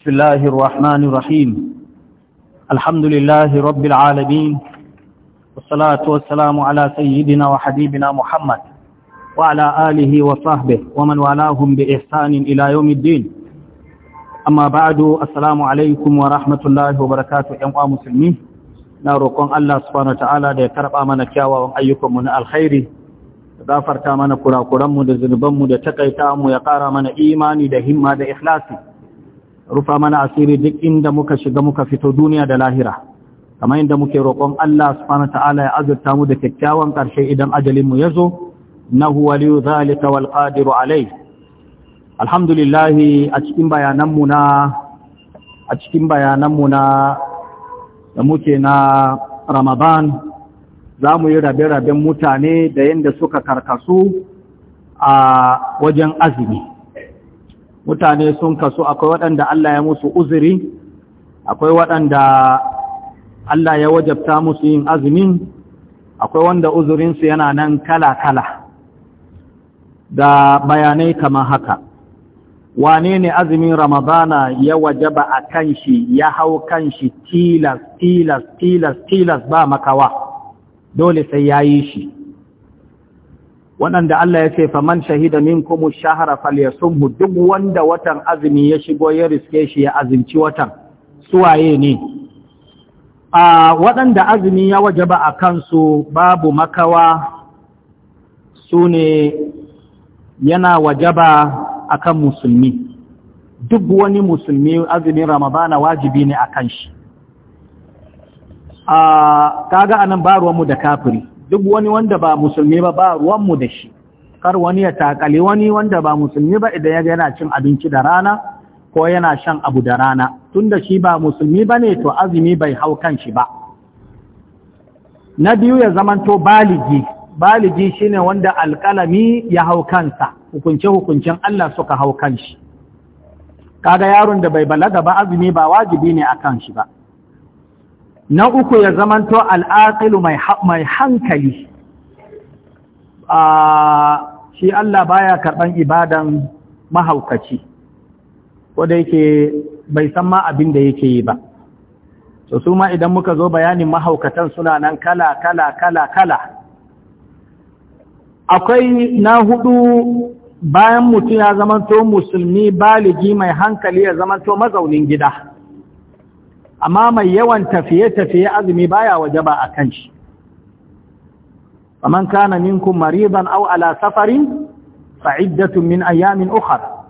بسم الله الرحمن الرحيم الحمد لله رب العالمين والصلاة والسلام على سيدنا وحبيبنا محمد وعلى آله وصحبه ومن والاهم بإحسان إلى يوم الدين أما بعد السلام عليكم ورحمة الله وبركاته يا مسلمين نارقون الله سبحانه وتعالى da ya karba mana kyawawan ayyukanmu na alkhairi gafarta mana kurakuranmu da zunubanmu da takaita mu ya kara mana imani da himma da ikhlasi rufa mana asiri duk inda muka shiga muka fito duniya da lahira kamar inda muke roƙon Allah subhanahu ta'ala ya azurta mu da kyakkyawan ƙarshe idan ajalin mu yazo nahu waliyu zalika wal qadiru alai alhamdulillah a cikin bayanan mu na a cikin bayanan mu na da muke na Ramadan za mu yi rabe-raben mutane da yadda suka karkasu a wajen azumi mutane sun kasu akwai waɗanda Allah ya musu uzuri akwai waɗanda Allah ya wajabta musu yin azumi, akwai wanda uzurinsu yana nan kala-kala da bayanai kamar haka wane ne azumin ramadana ya wajaba a kan shi ya hau kan shi tilas tilas tilas tilas ba makawa dole sai ya yi shi waɗanda Allah ya ce faman shahida minkum ash-shahra falyasumhu duk wanda watan azumi ya shigo ya riske shi ya azumci watan suwaye ne a waɗanda azumi ya wajaba a kansu babu makawa sune yana wajaba akan musulmi duk wani musulmi azumin ramadana wajibi ne a kan shi a kaga anan ba mu da kafiri duk wani wanda ba musulmi ba ba ruwanmu da shi kar wani ya takali wani wanda ba musulmi ba idan ya yana cin abinci da rana ko yana shan abu da rana tunda shi ba musulmi ba ne to azumi bai hau kan shi ba na biyu ya zamanto baligi baligi shine wanda alkalami ya hau kansa hukunce-hukuncen Allah suka hau kan shi kaga yaron da bai balaga ba azumi ba wajibi ne a kan shi ba na uku ya zamanto al'aƙilu mai hankali shi Allah baya karɓan ibadan mahaukaci wadda yake bai san ma abin da yake yi ba to su ma idan muka zo bayanin mahaukatan suna nan kala kala kala kala akwai na hudu bayan mutum ya zamanto musulmi baligi mai hankali ya zamanto mazaunin gida amma mai yawan tafiye-tafiye azumi baya wajaba a kan shi faman kana minkum maridan aw ala safarin fa'iddatun min ayyamin ukhar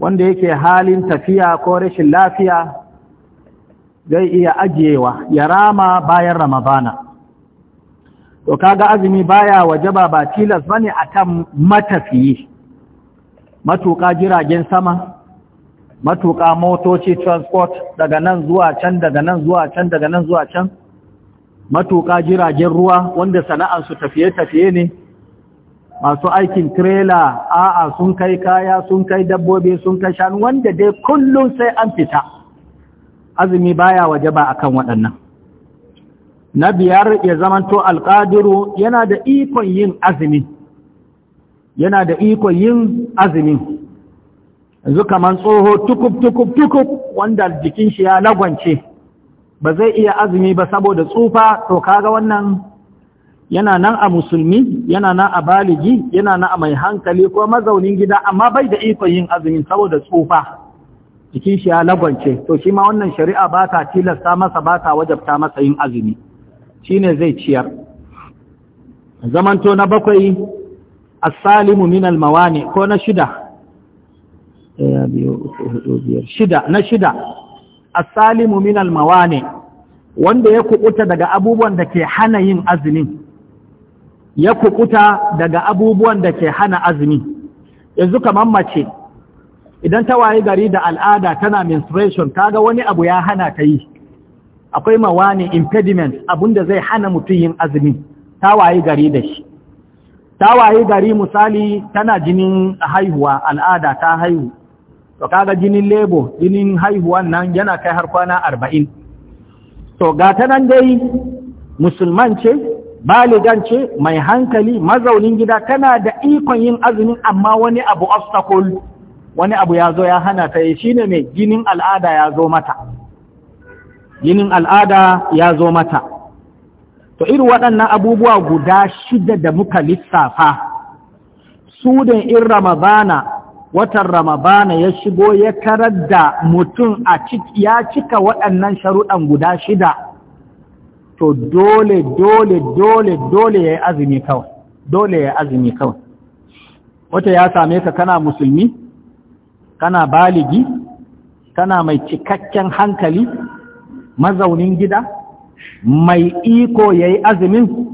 wanda yake halin tafiya ko rashin lafiya zai iya ajiyewa ya rama bayan ramadana to kaga azumi baya wajaba ba tilas bane kan matafiye matuƙa jiragen sama matuƙa motoci transport daga nan zuwa can daga nan zuwa can daga nan zuwa can matuƙa jiragen ruwa wanda su tafiye-tafiye ne masu aikin trailer a'a sun kai kaya sun kai dabbobi sun kai shanu wanda dai kullum sai an fita azumi baya waje ba akan waɗannan na biyar ya zamanto alƙadiru yana da ikon yin azumi yana da ikon yin azumi yanzu kamar tsoho tukub tukub tukub wanda jikin shi ya lagwance ba zai iya azumi ba saboda tsufa to kaga wannan yana nan a musulmi yana nan a baligi yana nan a mai hankali ko mazaunin gida amma bai da ikon yin azumi saboda tsufa jikin shi ya lagwance to shi ma wannan shari'a ba ta tilasta masa ba ta wajabta masa yin azumi shine zai ciyar zamanto na bakwai as-salimu min mawani ko na shida ya biyu uku hudu biyar shida na shida asalimu min almawane wanda ya kukuta daga abubuwan da ke hana yin azumi ya kukuta daga abubuwan da ke hana azumi yanzu kamar mace idan ta waye gari da al'ada tana menstruation kaga wani abu ya hana ta yi akwai mawani impediment abinda zai hana mutum yin azumi ta waye gari da shi ta waye gari misali tana jinin haihuwa al'ada ta haihu to kaga jinin lebo jinin haihuwan nan yana kai har kwana arba'in to ga ta nan dai musulman ce baligan ce mai hankali mazaunin gida tana da ikon yin azumin amma wani abu obstacle wani abu ya zo ya hana ta yi shine mai jinin al'ada ya zo mata jinin al'ada ya zo mata to irin waɗannan abubuwa guda shida da muka lissafa su da in ramadana watan Ramadana ya shigo ya tarar da mutum a ya cika waɗannan sharuɗan guda shida, to dole, dole, dole, dole ya yi azumi kawai, dole ya yi azumi kawai. Wata ya same ka kana musulmi, kana baligi, kana mai cikakken hankali, mazaunin gida, mai iko ya yi azumin,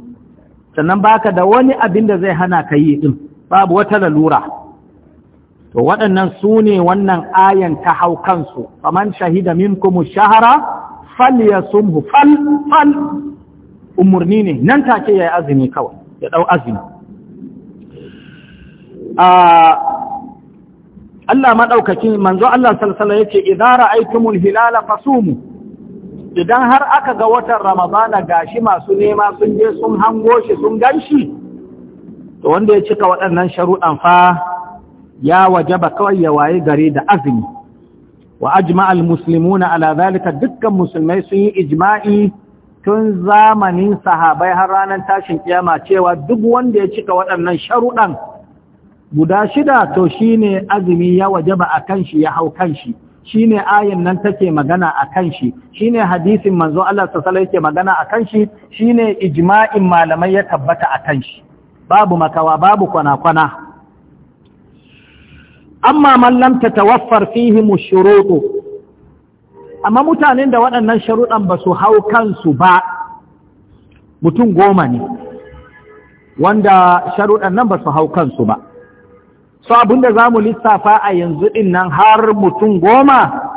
sannan baka da wani abin da zai hana ka yi ɗin, babu wata lalura. to waɗannan su ne wannan ayan ta hau kansu faman shahida minkum shahara falyasumhu fal fal umurni ne nan take yayi azumi kawai ya dau azumi Allah madaukakin manzo Allah sallallahu alaihi wasallam yace idza ra'aytumul hilala fasumu idan har aka ga watan Ramadana gashi masu nema sun je sun hango shi sun ganshi to wanda ya cika waɗannan sharuɗan fa ya wajaba kawai ya waye gare da azumi wa ajma al-muslimuna ala zalika dukkan musulmai sun yi ijma'i tun zamanin sahabai har ranar tashin kiyama cewa duk wanda ya cika waɗannan sharuɗan guda shida to shine azumi ya wajaba akan shi ya hau kan shi shine ayin nan take magana akan shi shine hadisin manzo Allah sallallahu yake magana akan shi shine ijma'in malamai ya tabbata akan shi babu makawa babu kwana kwana amma man lam tatawaffar fihim shurutu amma mutanen da waɗannan sharuɗan ba su hau kansu ba mutum goma ne wanda sharuɗan nan ba su hau kansu ba so abinda za mu lissafa a yanzu ɗin nan har mutum goma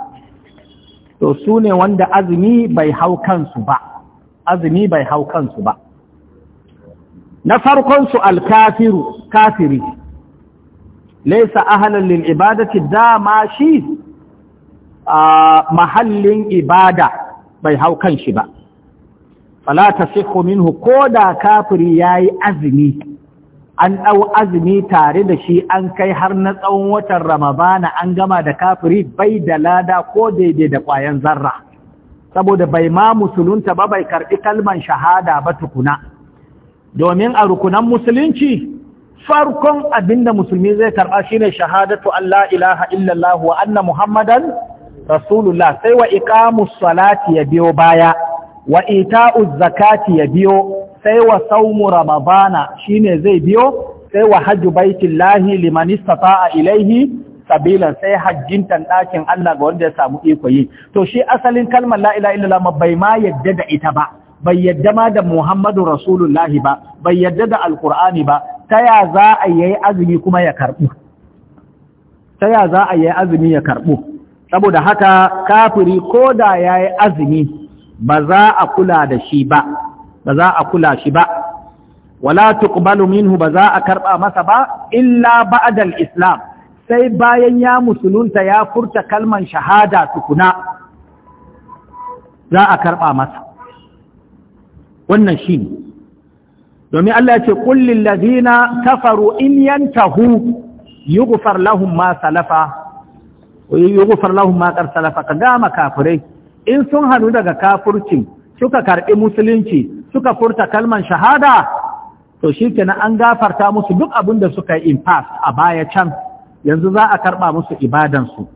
to su ne wanda azumi bai hau kansu ba azumi bai hau kansu ba na farkonsu alkafiru kafiri laisa ahalan lil ibadati dama shi a mahallin ibada bai hau kan shi ba fala tasihhu minhu koda kafiri yayi azumi an dau azumi tare da shi an kai har na tsawon watan ramadana an gama da kafiri bai da lada ko daidai da kwayan zarra saboda bai ma musulunta ba bai karbi kalman shahada ba tukuna domin a rukunan musulunci farkon abinda musulmi zai karɓa shine shahadatu Allah ilaha illallah wa anna muhammadan rasulullah sai wa iqamus salati ya biyo baya wa ita'uz zakati ya biyo sai wa saumu ramadana shine zai biyo sai wa hajju baitillahi liman istata'a ilaihi sabilan sai hajjintan ɗakin Allah ga wanda ya samu iko yi to shi asalin kalmar la ilaha illallah ma bai ma yadda da ita ba bai yadda ma da Muhammadu Rasulullahi ba bai yadda da Alkur'ani ba ta ya za a yi azumi kuma ya karɓu ta za a yi azumi ya karɓu saboda haka kafiri ko da ya yi azumi ba za a kula da shi ba ba za a kula shi ba wala tuqbalu minhu ba za a karɓa masa ba illa ba'adal islam sai bayan ya musulunta ya furta kalman shahada tukuna za a karɓa masa wannan shi domin Allah ce kullin ladina kafaru in yantahu yughfar lahum ma salafa yughfar lahum ma qad salafa ka gama kafirai in sun hadu daga kafircin suka karbi musulunci suka furta kalman shahada to shikenan an gafarta musu duk abin da suka yi in past a baya can yanzu za a karba musu ibadansu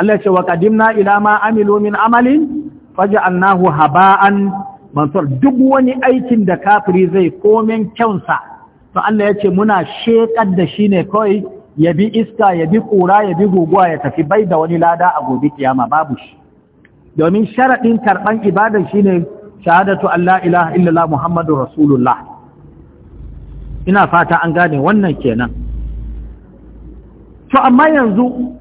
Allah ce wa qadimna ila ma amilu min amalin faj'alnahu haba'an mansur duk wani aikin da kafiri zai komen kyansa to Allah ya ce muna sheƙar da shi ne kawai ya bi iska ya bi ƙura ya bi guguwa ya tafi bai da wani lada a gobe kiyama babu shi domin sharaɗin karɓan ibadar shi ne shahadatu Allah ilaha illallah Muhammadu Rasulullah ina fata an gane wannan kenan to amma yanzu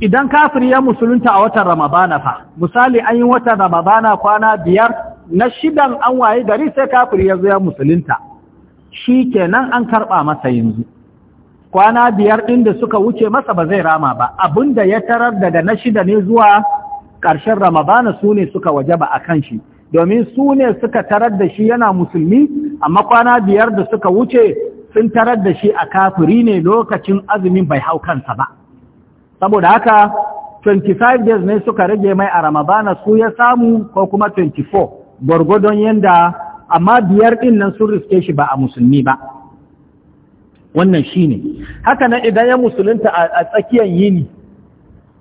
idan kafiri ya musulunta a watan Ramadana fa misali an yi watan Ramadana kwana biyar na shidan an waye gari sai kafiri ya zo ya musulunta shi kenan an karɓa masa yanzu kwana biyar ɗin da suka wuce masa ba zai rama ba abinda ya tarar daga na shida ne zuwa ƙarshen ramadana su ne suka waje ba a kan shi domin su ne suka tarar da shi yana musulmi amma kwana biyar da suka wuce sun tarar da shi a kafiri ne lokacin azumin bai hau kansa ba saboda haka 25 days ne suka rage mai a ramadana su ya samu ko kuma 24 gwargwadon yadda amma biyar ɗin nan sun riske shi ba a musulmi ba wannan shi ne haka nan idan ya musulunta a tsakiyar yini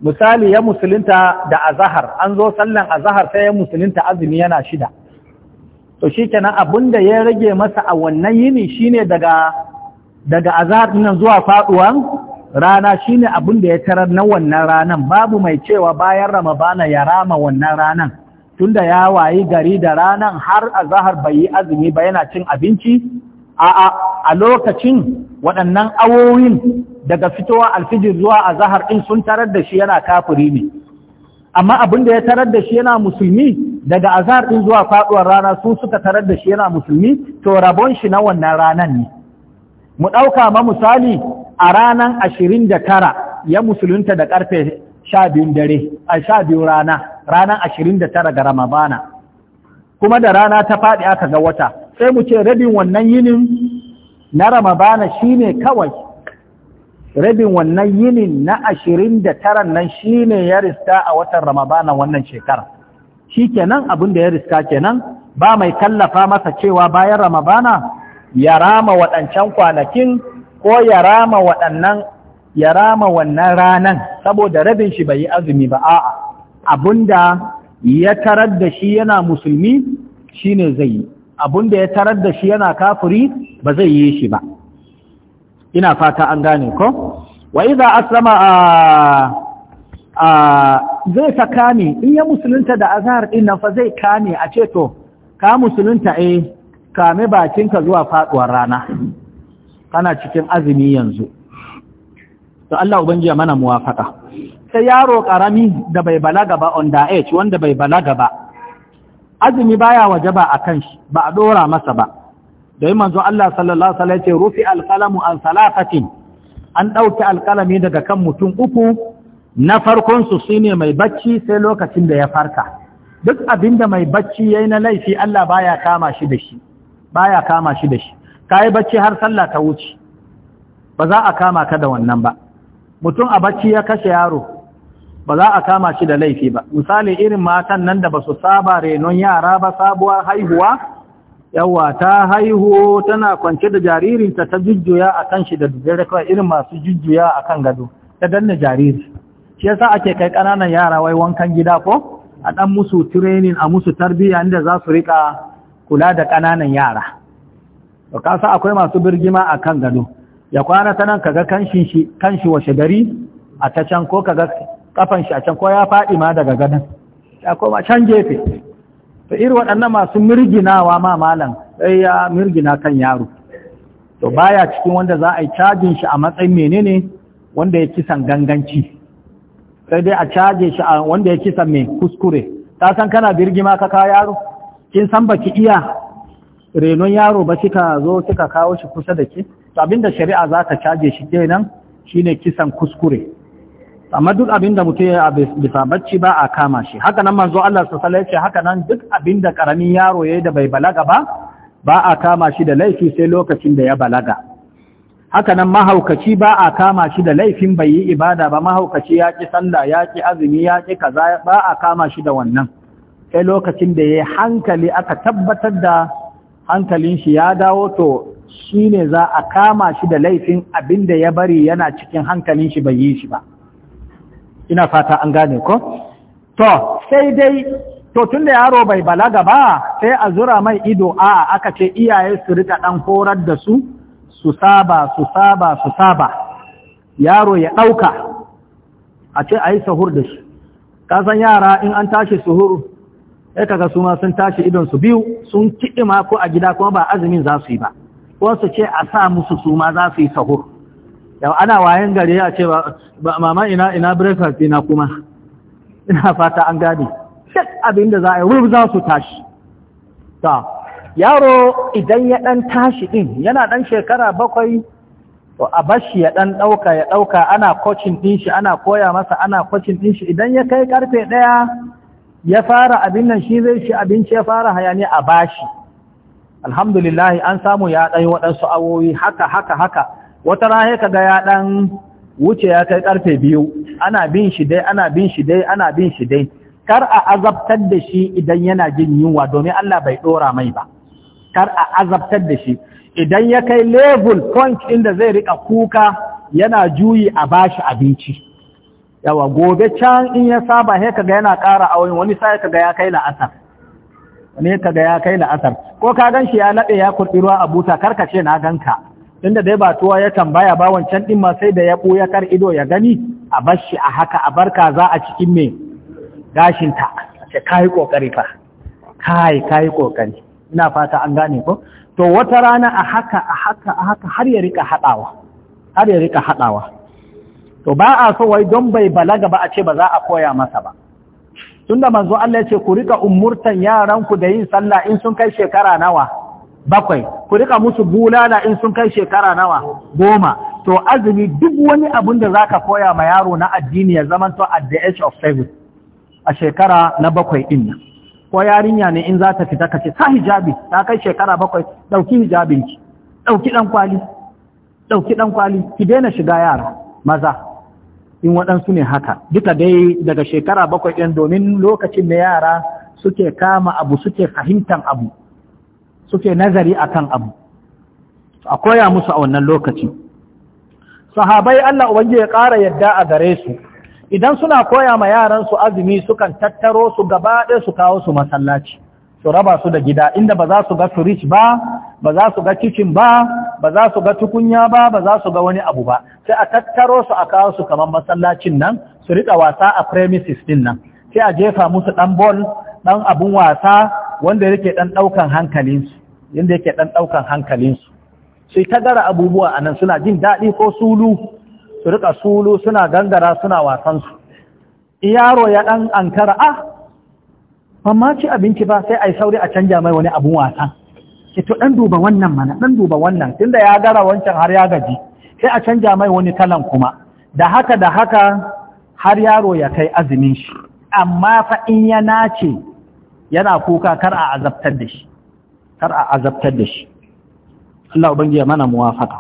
misali ya musulunta da azahar an zo sallan azahar sai ya musulunta azumi yana shida to shi kenan abin da ya rage masa a wannan yini ne daga daga azahar nan zuwa faɗuwan rana shi ne abin da ya tarar na wannan ranan babu mai cewa bayan ramabana ya rama wannan ranan tunda ya wayi gari da ranan har azahar bai yi azumi ba yana cin abinci a a lokacin waɗannan awowin daga fitowa alfijir zuwa azahar ɗin sun tarar da shi yana kafiri ne amma abin da ya tarar da shi yana musulmi daga azahar ɗin zuwa faɗuwar rana su suka tarar da shi yana musulmi to rabon shi na wannan ranan ne mu ɗauka ma misali a ranan ashirin da tara ya musulunta da ƙarfe sha biyun dare a sha biyu rana ranar ashirin da tara ga Ramabana, kuma da rana ta faɗi aka ga wata sai mu ce rabin wannan yinin na shi shine kawai rabin wannan yinin na ashirin da tara nan shine ya riska a watan Ramabana wannan shekara shi kenan abin da ya riska kenan ba mai kallafa masa cewa bayan Ramabana ya rama waɗancan kwanakin ko ya rama waɗannan ya rama wannan ranan saboda rabin shi bai yi azumi ba a'a abunda ya tarar da shi yana musulmi shine zai yi abunda ya tarar da shi yana kafiri ba zai yi shi ba ina fata an gane ko wa idza aslama a zai ta kame in ya musulunta da azhar din nan fa zai kame a ce to ka musulunta eh kame bakinka zuwa faduwar rana kana cikin azumi yanzu to Allah ubangiya mana muwafaka sai yaro karami da bai balaga ba on da age wanda bai balaga ba azumi baya wajaba akan shi ba a dora masa ba dai manzo Allah sallallahu alaihi wasallam ce rufi alqalamu an salafatin an dauki alqalami daga kan mutum uku na farkon su shine mai bacci sai lokacin da ya farka duk abinda mai bacci yayi na laifi Allah baya kama shi da shi baya kama shi da shi kai bacci har sallah ta wuce ba za a kama ka da wannan ba mutum a bacci ya kashe yaro ba za a kama shi da laifi ba misali irin matan nan da ba su saba renon yara ba sabuwar haihuwa yawa ta haihu tana kwance da jaririnta ta jujjuya a kan shi da dare kawai irin masu jujjuya a kan gado ta danna jariri shi yasa ake kai ƙananan yara wai wankan gida ko a ɗan musu training a musu tarbiyya inda za su riƙa kula da ƙananan yara to kasa akwai masu birgima a gado ya kwana ta nan kaga kanshin shi kanshi washe gari a ta can ko kaga kafan shi a can ko ya faɗi ma daga ganin ya koma can gefe to irin waɗannan masu mirginawa ma malam sai ya mirgina kan yaro to baya cikin wanda za a yi cajin shi a matsayin menene wanda ya kisan ganganci sai dai a caje shi a wanda ya kisan mai kuskure ta san kana birgima ka kawo yaro kin san baki iya renon yaro ba kika zo kika kawo shi kusa da ki abinda shari'a za ta caje shi kenan shine kisan kuskure amma duk abinda mutum ya bisa bacci ba a kama shi haka nan manzo Allah sa alaihi ce haka nan duk abinda karamin yaro yayi da bai balaga ba ba a kama shi da laifi sai lokacin da ya balaga haka nan mahaukaci ba a kama shi da laifin bai yi ibada ba mahaukaci ya ki sallah ya ki azumi ya ki kaza ba a kama shi da wannan sai lokacin da ya hankali aka tabbatar da hankalin shi ya dawo to shi ne za a kama shi da laifin abin da ya bari yana cikin hankalin shi bai yi shi ba ina fata an gane ko to sai dai to tun da yaro bai balaga ba sai a zura mai ido a aka ce iyaye su rika ɗan horar da su su saba su saba su saba yaro ya ɗauka a ce a yi sahur da shi kasan yara in an tashi suhur ya kaga su ma sun tashi idon su biyu sun kiɗima ko a gida kuma ba azumin za su yi ba wasu ce a sa musu su ma za su yi sahur yau ana wayan gari ya ce ba mama ina ina breakfast ina kuma ina fata an gane duk abin da za a yi wuf za su tashi ta yaro idan ya dan tashi din yana ɗan shekara bakwai to a bashi ya ɗan ɗauka ya ɗauka ana coaching din shi ana koya masa ana coaching din shi idan ya kai karfe ɗaya ya fara abin nan shi zai ci abinci ya fara hayani a bashi alhamdulillah an samu ya ɗan waɗansu awowi haka haka haka wata rahe ka ga ya ɗan wuce ya kai ƙarfe biyu ana bin shi dai ana bin shi dai ana bin shi dai kar a azabtar da shi idan yana jin yunwa domin Allah bai ɗora mai ba kar a azabtar da shi idan ya kai level point inda zai riƙa kuka yana juyi a bashi abinci yawa gobe can in ya saba he kaga yana ƙara a wani sai ka kaga ya kai la'asar ne ka ga ya kai la'asar ko ka gan shi ya naɗe ya kurɗi ruwa a buta ce na ganka tunda dai ba tuwa ya tambaya ba wancan ɗin ma sai da ya ɓuya kar ido ya gani a bar shi a haka a barka za a cikin me gashinta ce yi ƙoƙari fa kai yi ƙoƙari ina fata an gane ko to wata rana a haka a haka a haka har ya rika haɗawa har ya rika haɗawa to ba a so wai don bai balaga ba a ce ba za a koya masa ba tunda manzo Allah ya ce ku rika umurtan yaranku da yin sallah in sun kai shekara nawa bakwai ku rika musu bulala in sun kai shekara nawa goma to azumi duk wani abun da zaka koya ma yaro na addini ya zaman to at the age of seven a shekara na bakwai din ko yarinya ne in za ta fita kace sa hijabi ta kai shekara bakwai dauki hijabinki dauki dan kwali dauki dan kwali ki daina shiga yara maza in waɗansu ne haka duka dai daga shekara bakwai ɗin domin lokacin da yara suke kama abu suke fahimtar abu suke nazari akan abu a koya musu a wannan lokaci sahabai Allah ubangiji ya ƙara yadda a gare su idan suna koya ma yaransu azumi sukan tattaro su gaba ɗaya su kawo su masallaci su raba su da gida inda ba za su ga fridge ba ba za su ga kitchen ba ba za su ga tukunya ba ba za su ga wani abu ba sai a tattaro su a kawo su kamar masallacin nan su riƙa wasa a premises din nan sai a jefa musu ɗan ball ɗan abun wasa wanda yake ɗan ɗaukan hankalinsu yanda yake ɗan ɗaukan hankalinsu sai ta gara abubuwa anan suna jin daɗi ko sulu su riƙa sulu suna gangara suna wasan su yaro ya ɗan ankara ah ban ci abinci ba sai a yi sauri a canja mai wani abin wasa sai to ɗan duba wannan mana ɗan duba wannan tunda ya gara wancan har ya gaji sai a canja mai wani kalan kuma da haka da haka har yaro ya kai azumin shi amma fa in ya nace yana kuka kar a azabtar da shi kar a azabtar da shi Allah ubangi ya mana muwafaka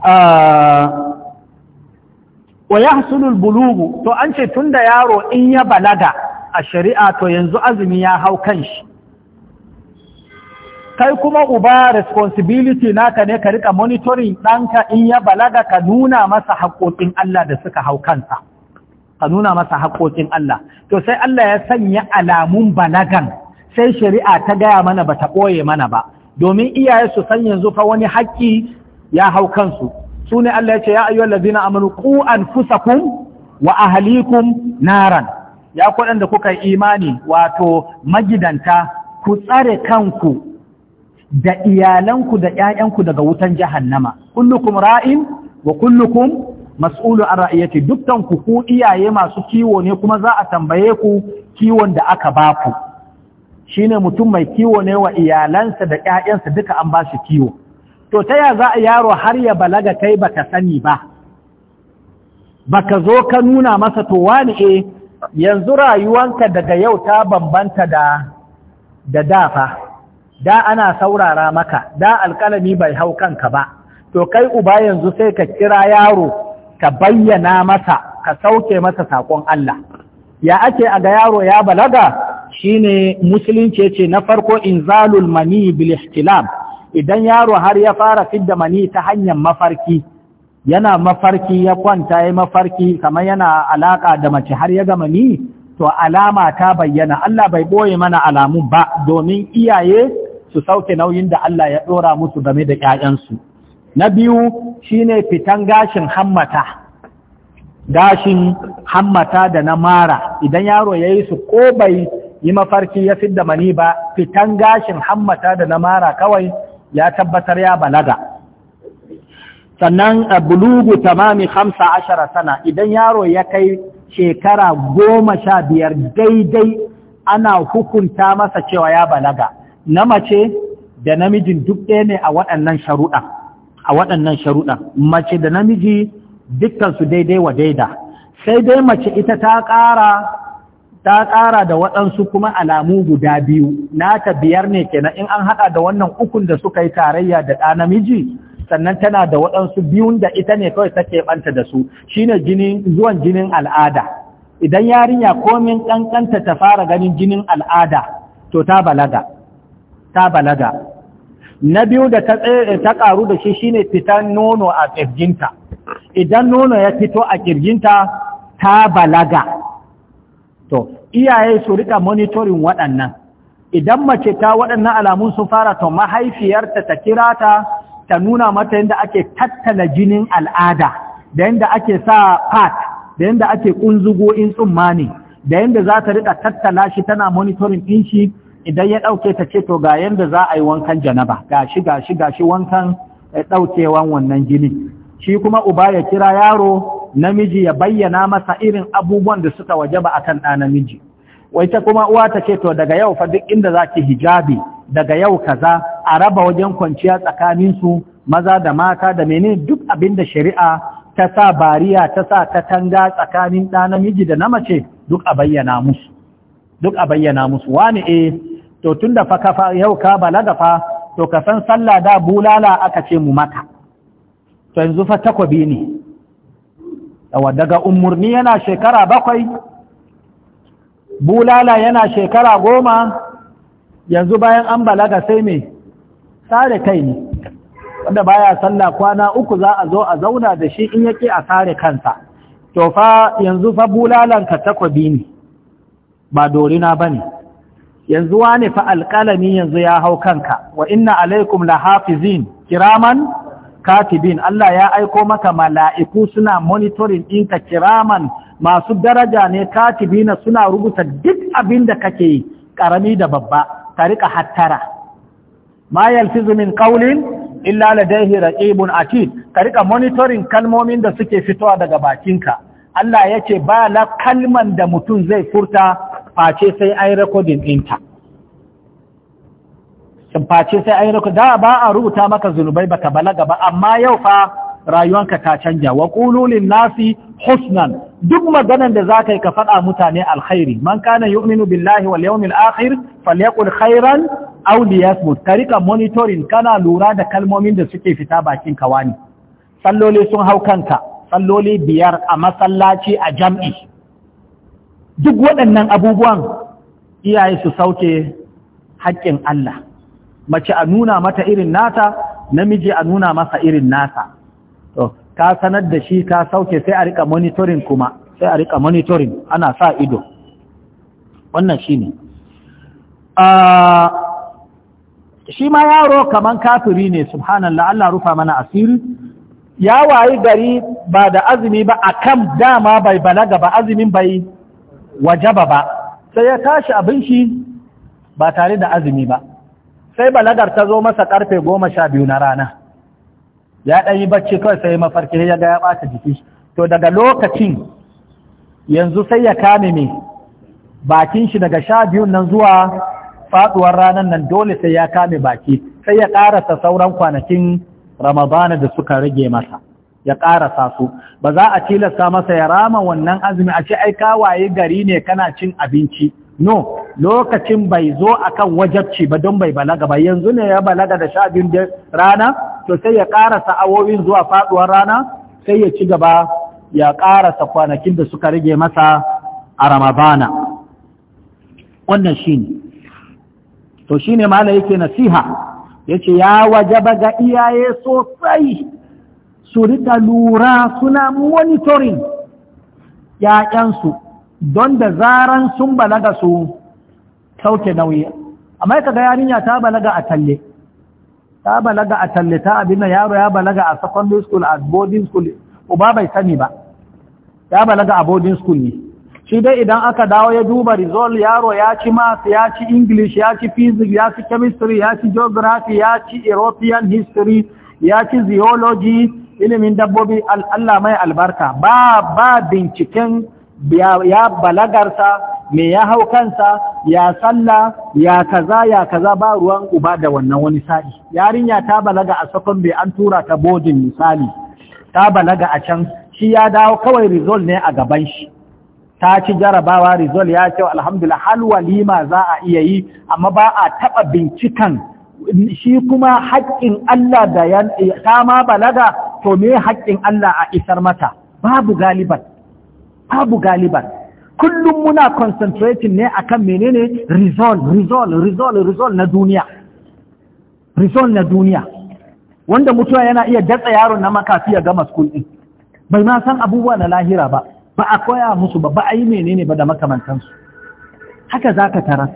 ah, wa yahsulul bulugu to an ce tunda yaro in ya balaga a shari'a to yanzu azumi ya hau kan shi kai kuma uba responsibility naka ne ka rika monitoring ɗanka in ya balaga ka nuna masa haƙoƙin Allah da suka hau kansa ka nuna masa haƙoƙin Allah to sai Allah ya sanya alamun balagan sai shari'a ta gaya mana ba ta ɓoye mana ba domin iyaye su san yanzu fa wani haƙƙi ya hau kansu su ne Allah ya ce ya ayyuhal ladina amanu qu anfusakum wa ahalikun naran ya da kuka imani wato magidanta ku tsare kanku da iyalanku da ‘ya'yanku daga wutan jahannama, kullukum ra'in wa kullukum mas'ulu an ra'ayyaki dukkan ku ku iyaye masu kiwo ne kuma za a tambaye ku kiwon da aka ba ku. Shi ne mutum mai kiwo ne wa iyalansa da ‘ya'yansa duka an ba shi kiwo. To, ta ya za a yaro har ya balaga kai baka sani ba, baka zo ka nuna masa to wani e eh, yanzu rayuwanka daga yau ta bambanta da da dafa da ana saurara maka da alkalami bai hau kanka ba to kai uba yanzu sai ka kira yaro ka bayyana masa ka sauke masa sakon Allah ya ake a ga yaro ya balaga shine musulunci ce na farko inzalul mani bil ihtilam idan yaro har ya fara fidda mani ta hanyar mafarki yana mafarki ya kwanta ya mafarki kamar yana alaƙa da mace har ya gama ni to alama ta bayyana Allah bai ɓoye mana alamun ba domin iyaye su sauke nauyin da Allah ya ɗora musu game da ‘ya'yansu. Na biyu shine fitan gashin hammata, gashin hammata da na mara idan yaro yayi su ko bai yi mafarki ya fidda mani ba fitan gashin hammata da na mara kawai ya tabbatar ya balaga. sannan a bulugu tamami hamsa ashara sana idan yaro ya kai shekara goma sha biyar daidai ana hukunta masa cewa ya balaga na mace da namijin duk ɗaya ne a waɗannan sharuɗa a waɗannan sharuɗa mace da namiji dukkansu daidai wa daida sai dai mace ita ta ƙara ta ƙara da waɗansu kuma alamu guda biyu nata biyar ne kenan in an haɗa da wannan ukun da suka yi tarayya da ɗa namiji sannan tana da waɗansu biyun da ita ne kawai ta keɓanta da su Shi ne zuwan jinin al'ada idan yarinya komin ƙanƙanta ta fara ganin jinin al'ada to ta balaga ta balaga na biyu da ta eh, ƙaru da shi shine fitan nono a ƙirjinta idan nono ya fito a ƙirjinta ta balaga to iyaye su rika monitorin waɗannan idan mace ta waɗannan alamun sun fara to mahaifiyarta ta kira ta ta nuna mata yadda ake tattala jinin al'ada da yadda ake sa pat da yadda ake ƙunzugo in tsumma ne da yadda za ta rika tattala shi tana monitorin ɗin shi idan ya ɗauke ta ceto to ga yadda za a yi wankan janaba shi ga shi wankan eh, ɗaukewan wannan jinin shi kuma uba ya kira yaro namiji ya bayyana masa irin abubuwan da suka wajaba akan ɗa namiji wai ta kuma uwa ta ce to daga yau fa duk inda zaki hijabi daga yau kaza a raba wajen kwanciya tsakaninsu maza da mata da menene duk abin da shari'a ta sa bariya ta sa katanga tsakanin ɗa namiji da na mace duk a bayyana musu duk a bayyana musu wani eh to tun da fa kafa yau ka balaga fa to ka san sallah da bulala aka ce mu mata to yanzu fa takwabi ne yawa daga umurni yana shekara bakwai bulala yana shekara goma yanzu bayan an balaga sai mai sare kai ne wanda baya sallah kwana uku za a zo a zauna da shi in yake a sare kansa to fa yanzu fa bulalan ka takobi ne ba dorina bane yanzu wani fa alqalami yanzu ya hau kanka wa inna alaikum lahafizin kiraman katibin Allah ya aiko maka mala'iku suna monitoring ɗinka kiraman masu daraja ne katibina suna rubuta duk abin da kake yi ƙarami da babba ka rika hattara ma yalfizu min qawlin illa ladayhi raqibun atid ka rika monitoring kalmomin da suke fitowa daga bakinka Allah ya ba la kalman da mutum zai furta face sai ai recording ɗinta face sai ai recording da ba a rubuta maka zunubai baka balaga ba amma yau fa rayuwanka ta canja wa qululin nasi husnan duk maganan da zaka yi ka faɗa mutane alkhairi man kana yu'minu billahi wal yawmil akhir falyaqul khairan aw liyasmut karika monitoring kana lura da kalmomin da suke fita bakin ka wani salloli sun hau kanka salloli biyar a masallaci a jam'i duk waɗannan abubuwan iyaye su sauke haƙƙin Allah mace a nuna mata irin nata namiji a nuna masa irin nasa ka sanar da shi ka sauke sai a rika monitoring kuma sai a rika monitoring ana sa ido wannan shi ne shi ma yaro kaman kafiri ne subhanallah Allah rufa mana asiri ya wayi gari ba da azumi ba akan dama bai balaga ba azumin bai wajaba ba sai ya tashi abin shi ba tare da azumi ba sai balagar ta zo masa karfe goma sha biyu na rana ya ɗan yi bacci kawai sai mafarki ya ga ya ɓata jiki to daga lokacin yanzu sai ya kame me bakin shi daga sha biyun nan zuwa faɗuwar ranar nan dole sai ya kame baki sai ya ƙarasa sauran kwanakin ramadana da suka rage masa ya ƙarasa su ba za a tilasta masa ya rama wannan azumi a ce ai kawaye gari ne kana cin abinci no lokacin bai zo akan wajabci ba don bai balaga ba yanzu ne ya balaga da sha biyun rana to sai ya ƙarasa awowin zuwa faɗuwar rana sai ya ci gaba ya sa kwanakin da suka rage masa a ramabana wannan shi ne to shi ne mala yake nasiha ya ce ya wajaba baga iyaye sosai su rika lura suna monitoring ‘ya'yansu don da zaran sun balaga su sauke nauyi amma ya kaga yarinya ta balaga a talle ta balaga a tallata abin yaro ya balaga a secondary school a boarding school uba bai sani ba ya balaga a boarding school ne shi dai idan aka dawo ya duba result yaro ya ci math ya ci english ya ci physics ya ci chemistry ya ci geography ya ci european history ya ci zoology ilimin dabbobi Allah mai albarka ba ba binciken ya balagarsa me ya hau kansa ya salla ya kaza ya kaza ba ruwan uba da wannan wani sa'i yarinya ta balaga a bai an tura ta bodin misali ta balaga a can shi ya dawo kawai result ne a gaban shi ta ci jarabawa rizol ya ce alhamdulillah hal walima za a iya yi amma ba a taba bincikan shi kuma haƙƙin Allah da ta ma balaga to me haƙƙin Allah a isar mata babu galiban babu galiban kullum muna concentrating ne akan menene result result result result na duniya result na duniya wanda mutuwa yana iya datsa yaron na makafi ya gama school din bai ma san abubuwa na lahira ba ba a koya musu ba ba a yi menene ba da makamantansu haka zaka tara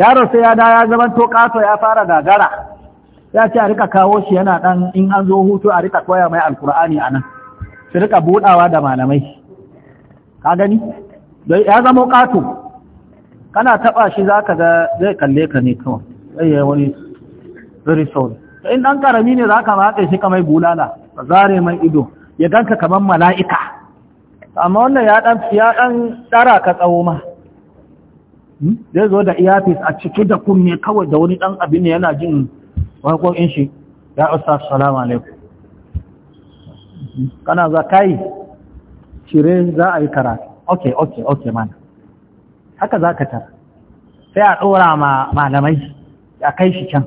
yaro sai ya da ya zaman to kato ya fara gagara ya ce a rika kawo shi yana dan in an zo hutu a rika koya mai alkur'ani anan su rika budawa da malamai ka gani ya zama ƙato kana taɓa shi za ka ga zai kalle ka ne kawai zai yi wani very sorry in ɗan ƙarami ne za ka matse shi kamar bulala ba zare mai ido ya ganka kamar mala'ika amma wannan ya ɗan ɗara ka tsawo ma hmm? zai zo da iyafis a ciki da kunne kawai da wani ɗan abin ne yana jin waƙoƙin shi ya ustaz salamu alaikum hmm? kana za yi. cire za a yi karatu ok ok ok mana haka za ka tara sai a ɗora ma malamai a kai shi can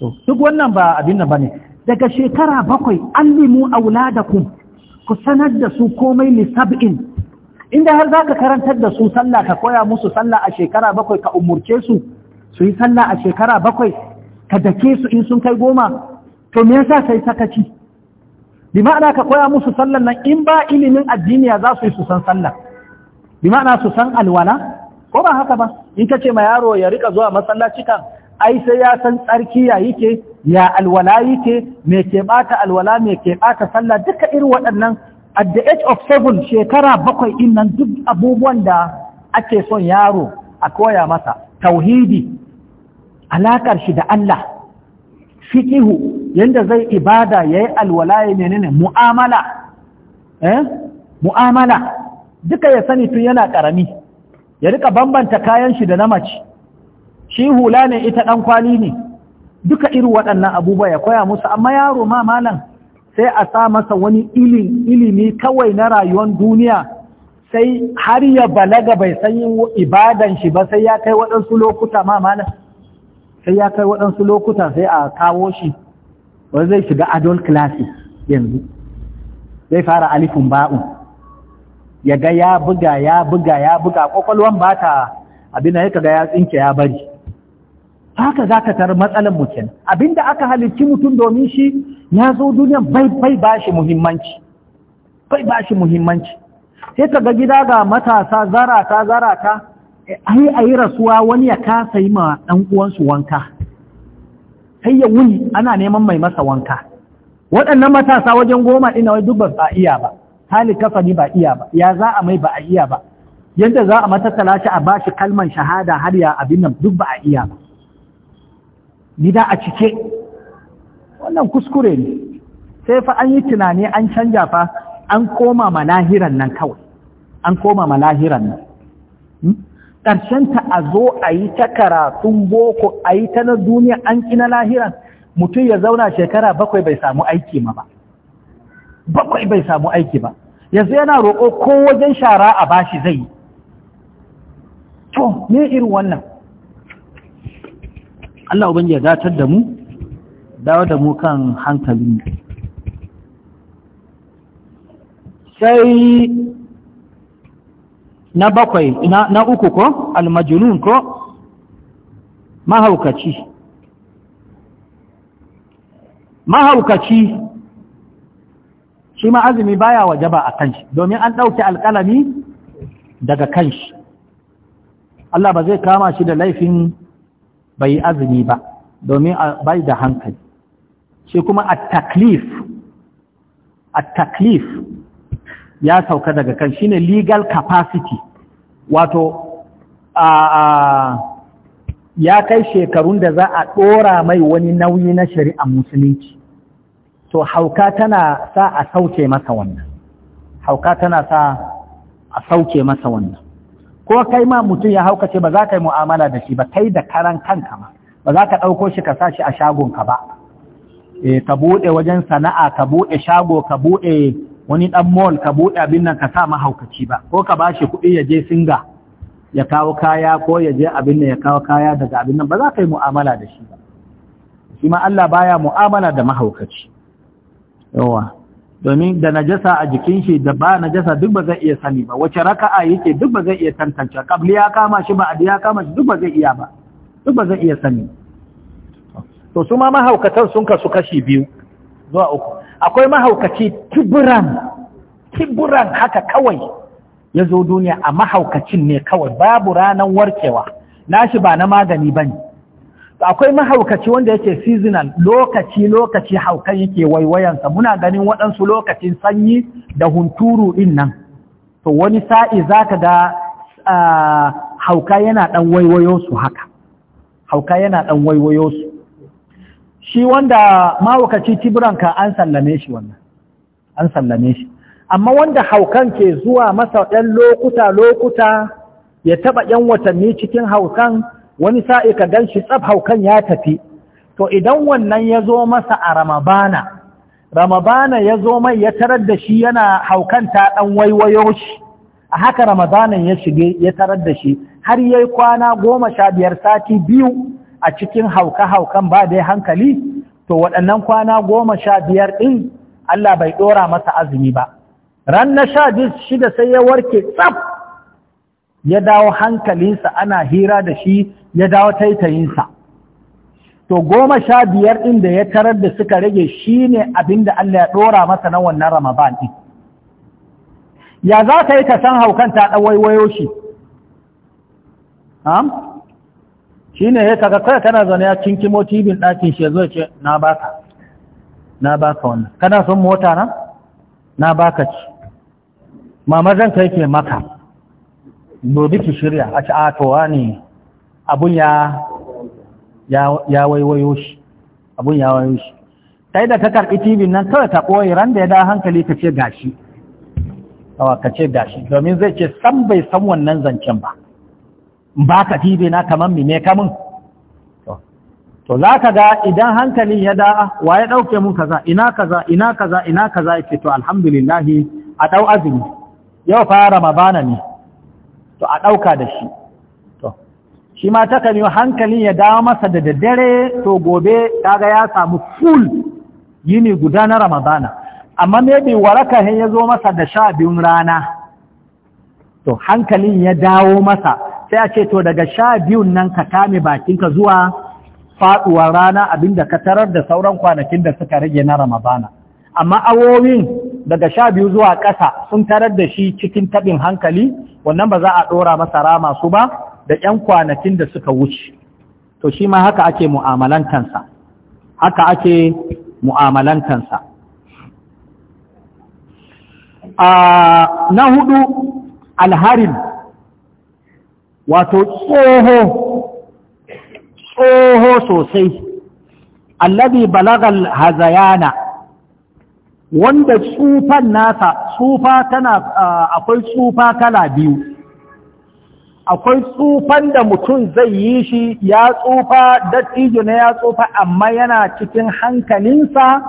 duk wannan ba abin da ba ne daga shekara bakwai an limu a wula da ku ku sanar da su komai sab'in inda har za ka karantar da su sallah ka koya musu sallah a shekara bakwai ka umurce su su yi sallah a shekara bakwai ka dake su in sun kai goma to me yasa sai sakaci bi ma'ana ka koya musu sallan nan in ba ilimin addini za su yi su san sallan bi ma'ana su san alwala ko ba haka ba in ka ce ma yaro ya rika zuwa masallaci kan ai sai ya san tsarki ya yake ya alwala yake me ke bata alwala me ke bata sallah duka irin waɗannan at the age of seven shekara bakwai din nan duk abubuwan da ake son yaro a koya masa tauhidi alakar shi da Allah fiqihu yanda zai ibada yayi alwala ya menene mu'amala eh mu'amala duka ya sani tun yana karami ya rika bambanta kayan shi da na mace shi hula ne ita dan kwali ne duka irin waɗannan abubuwa ya koya musu amma yaro ma malam sai a sa masa wani ilimi kawai na rayuwar duniya sai har ya balaga bai san yin ibadan shi ba sai ya kai waɗansu lokuta ma malam sai ya kai waɗansu lokuta sai a kawo shi wani zai shiga adult classes yanzu zai fara alifin ba'un ya ga ya buga ya buga ya buga kwakwalwan ba ta abin ya kaga ya tsinke ya bari haka za ka tar matsalar mutum abinda aka halicci mutum domin shi ya zo duniya, bai bai ba shi muhimmanci bai ba shi muhimmanci sai ka ga gida ga matasa zarata zarata eh, ai ayi rasuwa wani ya kasa yi ma ɗan uwansu wanka sai ya wuni ana neman mai masa wanka waɗannan matasa wajen goma ɗina wai duk ba a iya ba hali ni ba iya ba ya za a mai ba a iya ba yadda za a matattala shi a bashi kalman shahada har ya abin nan duk ba a iya ba Ni da a cike wannan kuskure ne sai fa an yi tunani an canja fa an koma manahiran nan kawai an koma manahiran nan ta a zo a yi ta karatun boko a yi ta na duniya an na lahiran mutum ya zauna shekara bakwai bai samu aiki ma ba bakwai bai samu aiki ba yanzu yana roƙo ko wajen shara a bashi zai yi to me irin wannan Allah ubangi ya datar da mu dawo da mu kan hankali sai na bakwai na uku ko almajunun ko mahaukaci mahaukaci shi ma azumi baya waje ba a kanshi domin an ɗauke alƙalami daga kanshi Allah ba zai kama shi da laifin bai azumi ba domin bai da hankali shi kuma a taklif a taklif ya sauka daga kan shine legal capacity wato ya kai shekarun da za a ɗora mai wani nauyi na shari'a musulunci to hauka tana sa a sauke masa wannan hauka tana sa a sauke masa wannan ko kai ma mutum ya hauka ce ba za ka yi mu'amala da shi ba kai da karan kanka ma ba za ka ɗauko shi ka sa shi a shagonka ba e, ka buɗe wajen sana'a ka buɗe shago ka buɗe wani ɗan mall ka buɗe abin nan ka sa mahaukaci ba ko ka ba shi kuɗi ya je singa ya kawo kaya ko ya je abin nan ya kawo kaya daga abin nan ba za ka yi mu'amala da shi ba shi ma Allah baya mu'amala da mahaukaci yawa domin da najasa a jikin shi da ba najasa duk ba zai iya sani ba wace raka'a yake duk ba zai iya tantance kabli ya kama shi ba adiya ya kama shi duk ba zai iya ba duk ba zai iya sani to su ma mahaukatan sun kasu kashi biyu zuwa uku akwai mahaukaci tiburan tiburan haka kawai ya zo duniya a mahaukacin ne kawai babu ranar warkewa nashi ba na magani ba ne akwai mahaukaci wanda yake seasonal lokaci lokaci haukan yake waiwayansa muna ganin waɗansu lokacin sanyi da hunturu ɗin nan to wani sa'i za ka ga ah, hauka yana ɗan waiwayo su haka hauka yana ɗan waiwayo su shi wanda mawakaci tiburanka an sallame shi wannan an sallame shi amma wanda haukan ke zuwa masa ɗan lokuta lokuta ya taɓa ‘yan watanni cikin haukan wani sa'i ka gan shi tsab haukan ya tafi to idan wannan ya zo masa a ramabana ramabana ya zo mai ya tarar da shi yana haukan ta ɗan waiwayo shi a haka ramabanan ya shige ya tarar da shi har ya kwana goma sha biyar sati biyu a cikin hauka-haukan ba dai hankali to waɗannan kwana goma sha biyar ɗin Allah bai ɗora masa azumi ba ran na sha shida sai ya warke tsaf ya dawo hankalinsa ana hira da shi ya dawo taitayinsa to goma sha biyar ɗin da ya tarar da suka rage shi ne abin da Allah ya ɗora masa na wannan ramadan ɗin ya za ka yi ka san haukan ta ɗawaiwayo shi shi ne ya kaga kawai kana zaune ya cinkimo tibin ɗakin shi ya zo ce na baka na baka wannan kana son mota na na baka ci mamar ka yake maka gobe ki shirya a ci a towa ne abun ya ya waiwayo shi abun ya waiwayo shi sai da ta karɓi tibin nan kawai ta ɓoye ran da ya da hankali ka ce gashi kawa ka ce gashi domin zai ce san bai san wannan zancen ba ba ka tibe na kamar mi kamun to za ka ga idan hankalin ya da wa ya ɗauke mun kaza ina kaza ina kaza ina kaza yake to alhamdulillahi a ɗau azumi yau fara mabana ne to a ɗauka da shi to shi ma ta kan hankalin ya dawo masa da daddare to gobe kaga ya samu full yini guda na ramadana amma maybe waraka ya zo masa da sha biyun rana to hankalin ya dawo masa sai a ce to daga sha biyun nan ka kame bakinka zuwa faduwar rana abinda ka tarar da sauran kwanakin da suka rage na ramadana amma awowin daga sha biyu zuwa ƙasa sun tarar da shi cikin taɓin hankali wannan ba za a ɗora masa rama su ba da 'yan kwanakin da suka wuce to shi ma haka ake mu'amalantansa haka ake mu'amalantansa a ah, na hudu alharin wato tsoho tsoho sosai allabi balagal hazayana wanda tsufan nasa tsufa tana akwai tsufa kala biyu akwai tsufan da mutum zai yi shi ya tsufa dattijo na ya tsufa amma yana cikin hankalinsa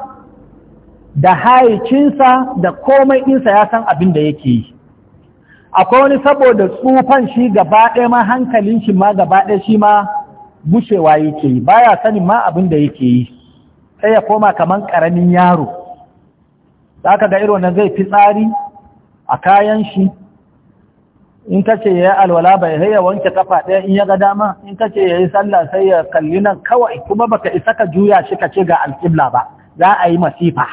da haicinsa da komai insa ya san abin da yake yi akwai wani saboda tsufan shi gaba ɗaya ma hankalin shi ma gaba ɗaya shi ma gushewa yake yi baya sanin ma abin da yake yi sai ya koma kaman ƙaramin yaro za ka ga irin zai fi tsari a kayan shi in ka ce ya yi alwala bai sai ya wanke kafa ɗaya in ya ga dama in ka ce ya yi sallah sai ya kalli nan kawai kuma baka isa ka juya shi ka ce ga alƙibla ba za a yi masifa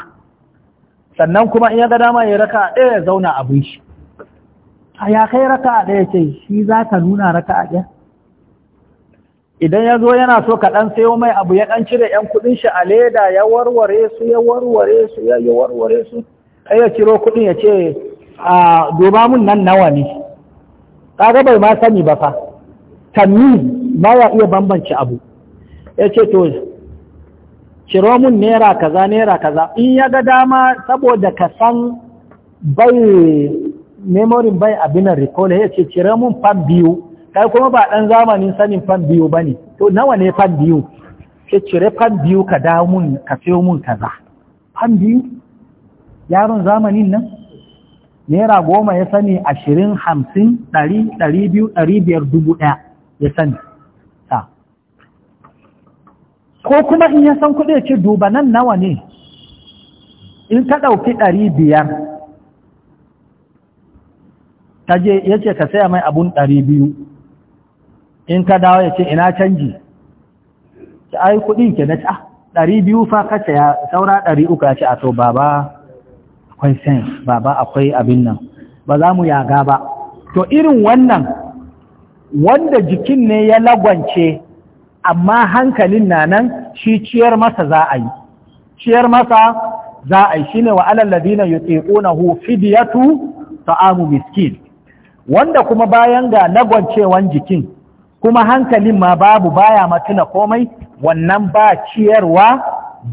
sannan kuma in ya ga dama ya raka ɗaya ya zauna abin shi a ya kai raka ɗaya ce shi za ka nuna raka a idan ya zo yana so ka ɗan sayo mai abu ya ɗan cire ‘yan kuɗin shi a leda ya warware su ya warware su ya warware su ya ciro kuɗin ya ce a doba mun nan nawa ne kaga bai ma sani ba fa tanni ba ya iya bambance abu ya ce to ciro mun nera kaza nera kaza in ya ga dama saboda ka san bai memorin bai abin nan recall ya ce cire mun fan biyu kai kuma ba dan zamanin sanin fan biyu ba ne, to nawa ne fan biyu ce cire fan biyu ka dawo mun ka sayo mun kaza fan biyu yaron zamanin nan naira goma ya sani ashirin hamsin ɗari ɗari biyu ɗari biyar dubu ɗaya ya sani ta ko kuma in ya san kuɗi ya ce duba nan nawa ne in ka ɗauki ɗari biyar kaje yace ka saya mai abun ɗari biyu in ka dawo yace ina canji ki ai kuɗin ki na ta ah, 200 ɗari biyu fa ka saya saura ɗari uku ya ce a to baba akwai sense baba akwai abin nan ba za mu yaga ba to irin wannan wanda jikin ne ya lagwance amma hankalin na nan shi ciyar masa za a yi ciyar masa za a yi shine wa alal ladina yutiqunahu fidyatu ta'amu miskin wanda kuma bayan ga nagwancewan jikin kuma hankalin ma babu baya matuna komai wannan ba ciyarwa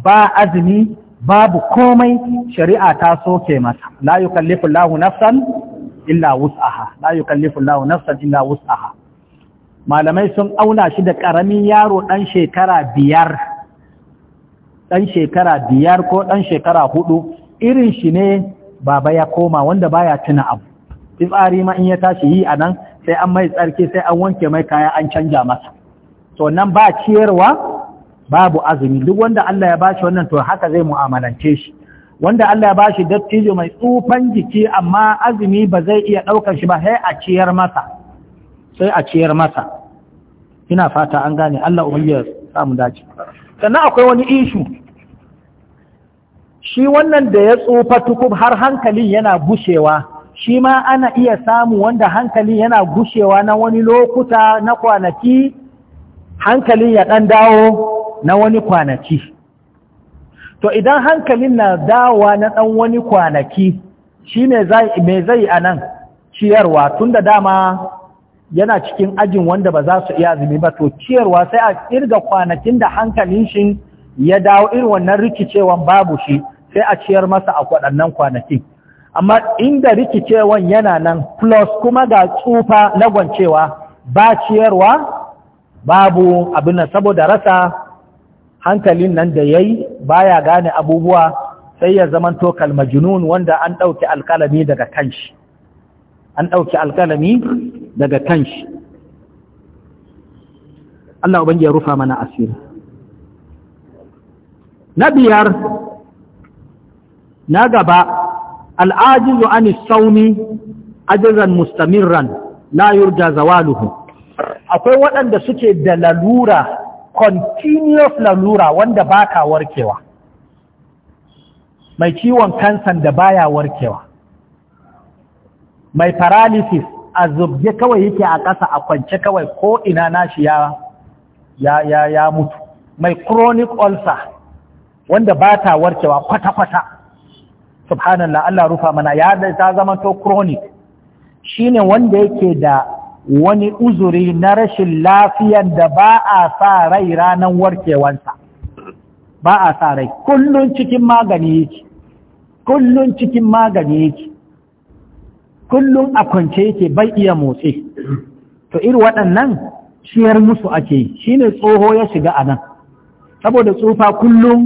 ba azumi babu komai shari'a ta soke masa la yukallifu Allahu nafsan illa wus'aha la yukallifu Allahu nafsan illa wus'aha malamai sun auna shi da karamin yaro dan shekara biyar dan shekara biyar ko dan shekara hudu irin shi ne baba ya koma wanda baya tuna abu fitsari ma in ya tashi yi a nan sai an mai tsarki sai an wanke mai kaya an canja masa to nan ba ciyarwa babu azumi duk wanda Allah ya bashi wannan to haka zai mu'amalance shi wanda Allah ya bashi dattijo mai tsufan jiki amma azumi ba zai iya ɗaukar shi ba sai a ciyar masa sai a ciyar masa ina fata an gane Allah ubangiji ya samu dace sannan akwai wani ishu shi wannan da ya tsufa tukub har hankalin yana bushewa shi ma ana iya samu wanda hankali yana gushewa na wani lokuta na kwanaki hankalin ya ɗan dawo na wani kwanaki to idan hankalin na dawa na ɗan wani kwanaki shi me zai a nan ciyarwa tun da dama yana cikin ajin wanda ba za su iya zumi ba to ciyarwa sai a ƙirga kwanakin da hankalin shi ya dawo irin wannan rikicewan babu shi sai a ciyar masa a kwaɗannan kwanakin amma inda rikicewan yana nan plus kuma ga tsufa na gwancewa ba ciyarwa babu abin nan saboda rasa hankalin nan da yayi baya gane abubuwa sai ya zaman to kalmajunun wanda an ɗauki alkalami daga kanshi an ɗauki alkalami daga kanshi Allah ubangi ya rufa mana asiri na biyar na gaba al'ajizu an sauni jirgin mustamirran na Yurga zawaluhu akwai waɗanda suke da lalura continuous lalura wanda baka warkewa mai ciwon kansan da baya warkewa mai paralysis a zubge kawai yake a ƙasa a kwance kawai ko ina nashi ya ya ya ya mutu mai chronic ulcer wanda ba ta warkewa kwata-kwata subhanallah Allah rufa mana ya ta zama to chronic shine wanda yake da wani uzuri na rashin lafiyar da ba a sa rai ranar warkewansa ba a sa rai kullun cikin magani yake kullun cikin magani yake kullun a kwance yake bai iya motsi to irin waɗannan shiyar musu ake shine tsoho ya shiga a nan saboda tsufa kullum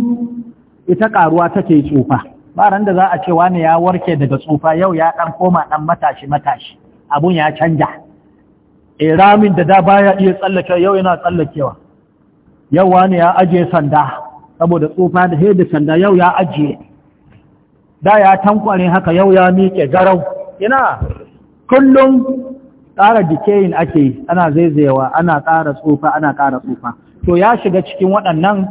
ita ƙaruwa take tsufa ba ran da za a ce wani ya warke daga tsufa yau ya ɗan koma ɗan matashi matashi abun ya canja eh, ramin da da baya iya tsallake yau yana tsallakewa yau wani ya ajiye sanda saboda tsufa da da sanda yau ya ajiye da ya tankware haka yau ya miƙe garau ina kullum ƙara dikeyin ake ana zaizayewa ana ƙara tsufa ana ƙara tsufa to ya shiga cikin waɗannan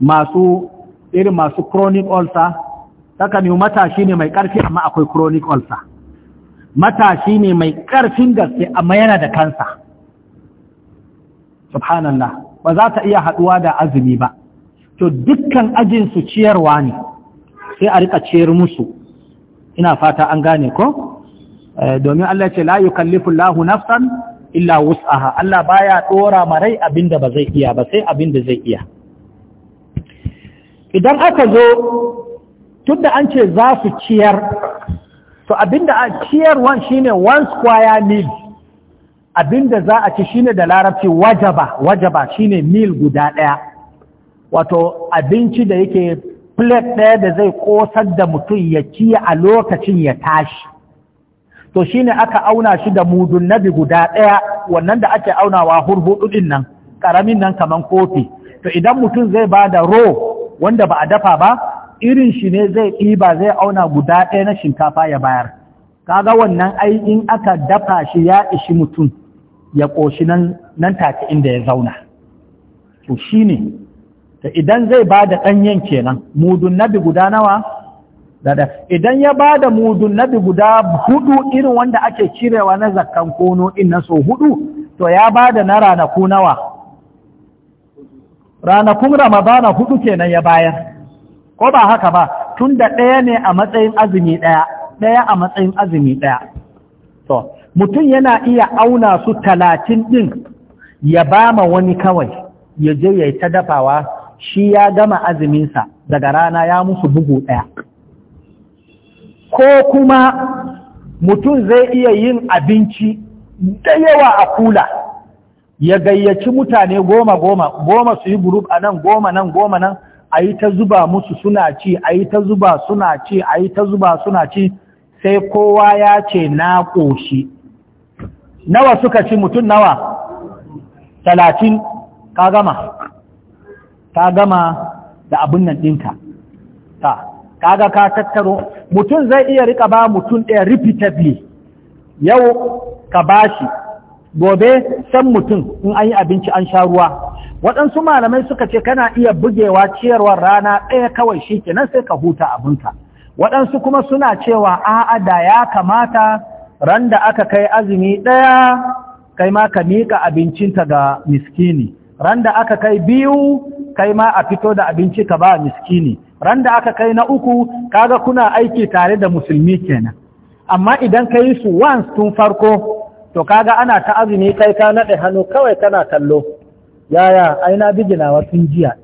masu irin masu chronic ulcer saka matashi ne mai ƙarfi amma akwai chronic ulcer matashi ne mai ƙarfin gaske amma yana da kansa subhanallah ba za ta iya haɗuwa da azumi ba to dukkan ajin su ciyarwa ne sai a riƙa ciyar musu ina fata an gane ko eh, domin Allah ce la yukallifu Allahu nafsan illa wus'aha Allah baya dora marai abinda ba zai iya ba sai abinda zai iya idan aka zo tun da an ce za su ciyar to abinda a ciyarwan shine one square meal abinda za a ci shine da larabci wajaba wajaba shine meal guda ɗaya wato abinci da yake plate ɗaya da zai ƙosar da mutum ya ci a lokacin ya tashi to shine aka auna shi da mudun nabi guda ɗaya wannan da ake aunawa hurhudu din nan karamin nan kaman kofi to idan mutum zai ba da ro wanda ba a dafa ba irin shi ne zai ɗiba zai auna guda ɗaya na shinkafa ya bayar Ka ga wannan ai aka dafa shi ya ishi mutum ya ƙoshi nan take inda ya zauna to shi ne ta idan zai ba da ɗanyen kenan mudun nabi guda nawa idan ya ba da mudun nabi guda hudu irin wanda ake cirewa na zakkan kono in na so hudu to ya ba da na ranaku nawa ranakun ramadana hudu kenan ya bayar ko ba haka ba tun da ɗaya ne a matsayin azumi ɗaya ɗaya a matsayin azumi ɗaya to mutum yana iya auna su talatin ɗin ya ba ma wani kawai ya je ya yi ta dafawa shi ya gama azuminsa daga rana ya musu bugu ɗaya ko kuma mutum zai iya yin abinci da yawa a kula ya gayyaci mutane goma goma goma su yi gurub a nan goma nan goma nan a yi ta zuba musu suna ci a yi ta zuba suna ci a yi ta zuba suna ci sai kowa ya ce na ƙoshi nawa suka ci mutum nawa talatin ka gama ka gama da abin nan ɗinka ta kaga ka tattaro mutum zai iya rika ba mutum ɗaya repeatedly yau ka bashi gobe san mutum in an yi abinci an sha ruwa waɗansu malamai suka ce kana iya bugewa ciyarwar rana ɗaya kawai shi kenan sai ka huta abinka waɗansu kuma suna cewa a'a da ya kamata ran da aka kai azumi ɗaya kai ma ka miƙa abincinta ga miskini ran da aka kai biyu kai ma a fito da abinci ka ba miskini ran da aka kai na uku kaga kuna aiki tare da musulmi kenan amma idan ka yi su once tun farko to kaga ana ta azumi kai ka naɗe hannu kawai kana kallo yaya aina bijinawa tun jiya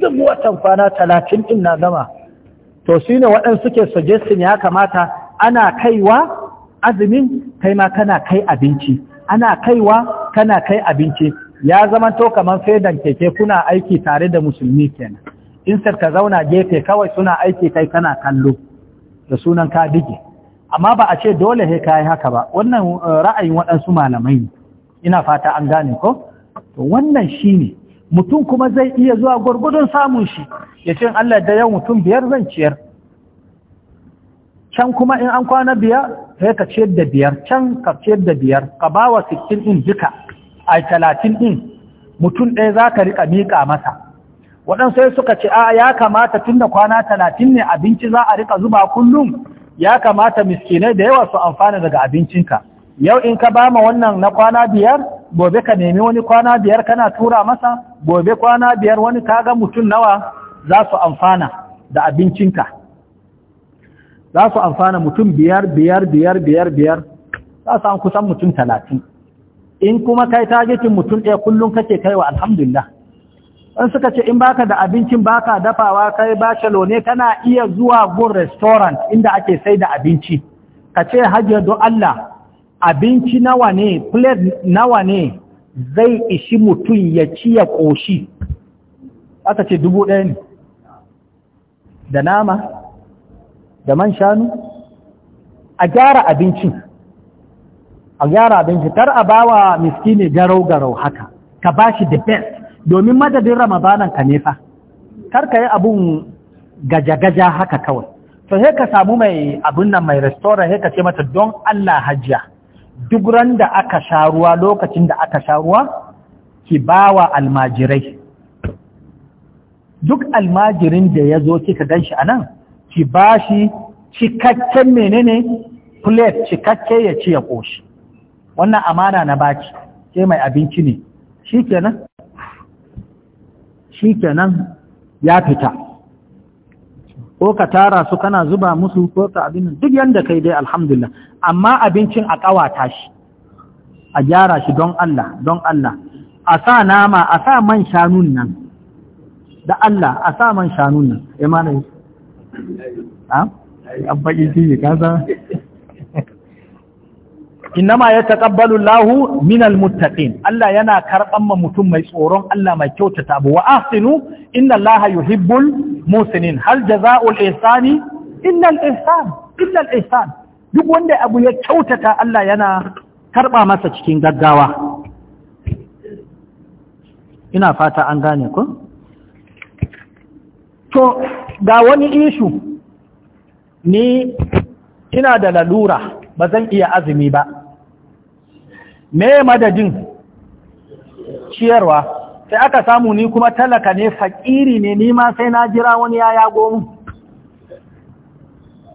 duk watan kwana talatin ɗin na gama to shi ne waɗansu suke suggesting ya kamata ana kaiwa azumin kai ma kana kai abinci ana kaiwa kana kai abinci ya zama to kamar fedan keke kuna aiki tare da musulmi kenan in ka zauna gefe kawai suna aiki kai kana kallo da sunan ka dige amma ba a ce dole he kai haka ba wannan eh, ra'ayin waɗansu malamai ne ina fata an gane ko to wannan ne, mutum kuma zai iya zuwa gwargwadon samun shi ya ce Allah da yau mutum biyar zan ciyar can kuma in an kwana biya sai ka ciyar da biyar can ka ciyar da biyar ka ba wa 60 ɗin duka a 30 ɗin mutum ɗaya za ka riƙa miƙa masa waɗansu sai suka ce a ya kamata tun da kwana talatin ne abinci za a riƙa zuba kullum ya kamata miskinai da yawa su amfana daga abincinka yau in ka bama wannan na kwana biyar gobe ka nemi wani kwana biyar kana tura masa gobe kwana biyar wani kaga mutum nawa za su amfana da abincinka za su amfana mutum biyar biyar biyar biyar biyar za su an kusan mutum talatin in kuma kai tagetin mutum ɗaya kullum kake kaiwa alhamdulillah in suka ce in baka da abincin baka dafawa kai bachelor ne kana iya zuwa gun restaurant inda ake sai da abinci ka ce hajjar don Allah abinci nawa ne plate nawa ne zai ishi mutum ya ci ya ƙoshi aka ce dubu ɗaya ne da nama da man shanu a gyara abincin a gyara abincin kar a bawa miskini garau-garau haka ka bashi the best domin madadin ramadanan ka nefa kar ka yi abun gaja-gaja haka kawai to he ka samu mai abun nan mai restaurant sai ka ce mata don Allah hajjiya duk ran da aka sha ruwa lokacin da aka sha ruwa ki bawa almajirai duk almajirin da ya zo kika gan shi a nan ki ba shi cikakken menene plate cikakke ya ci ya ƙoshi wannan amana na baki ke mai abinci ne Shikenan shi kenan ya fita ko ka tara su kana zuba musu ko ka abin duk yanda kai dai alhamdulillah amma abincin a kawata shi a gyara shi don Allah don Allah a sa nama a sa man shanun nan da Allah a sa man shanun nan imanu eh, a abbaƙi shi ka kasa innama ya taqabbalu Allahu minal muttaqin Allah yana karban ma mutum mai tsoron Allah mai kyautata abu wa ahsinu inna Allaha yuhibbul musinin hal jazaa'ul ihsani innal ihsan illal ihsan duk wanda abu ya kyautata Allah yana karɓa masa cikin gaggawa ina fata an gane ku to ga wani ishu ni ina da lalura ba zan iya azumi ba me madadin ciyarwa sai aka samu ni kuma talaka ne fakiri ne nima sai na jira wani ya yago mu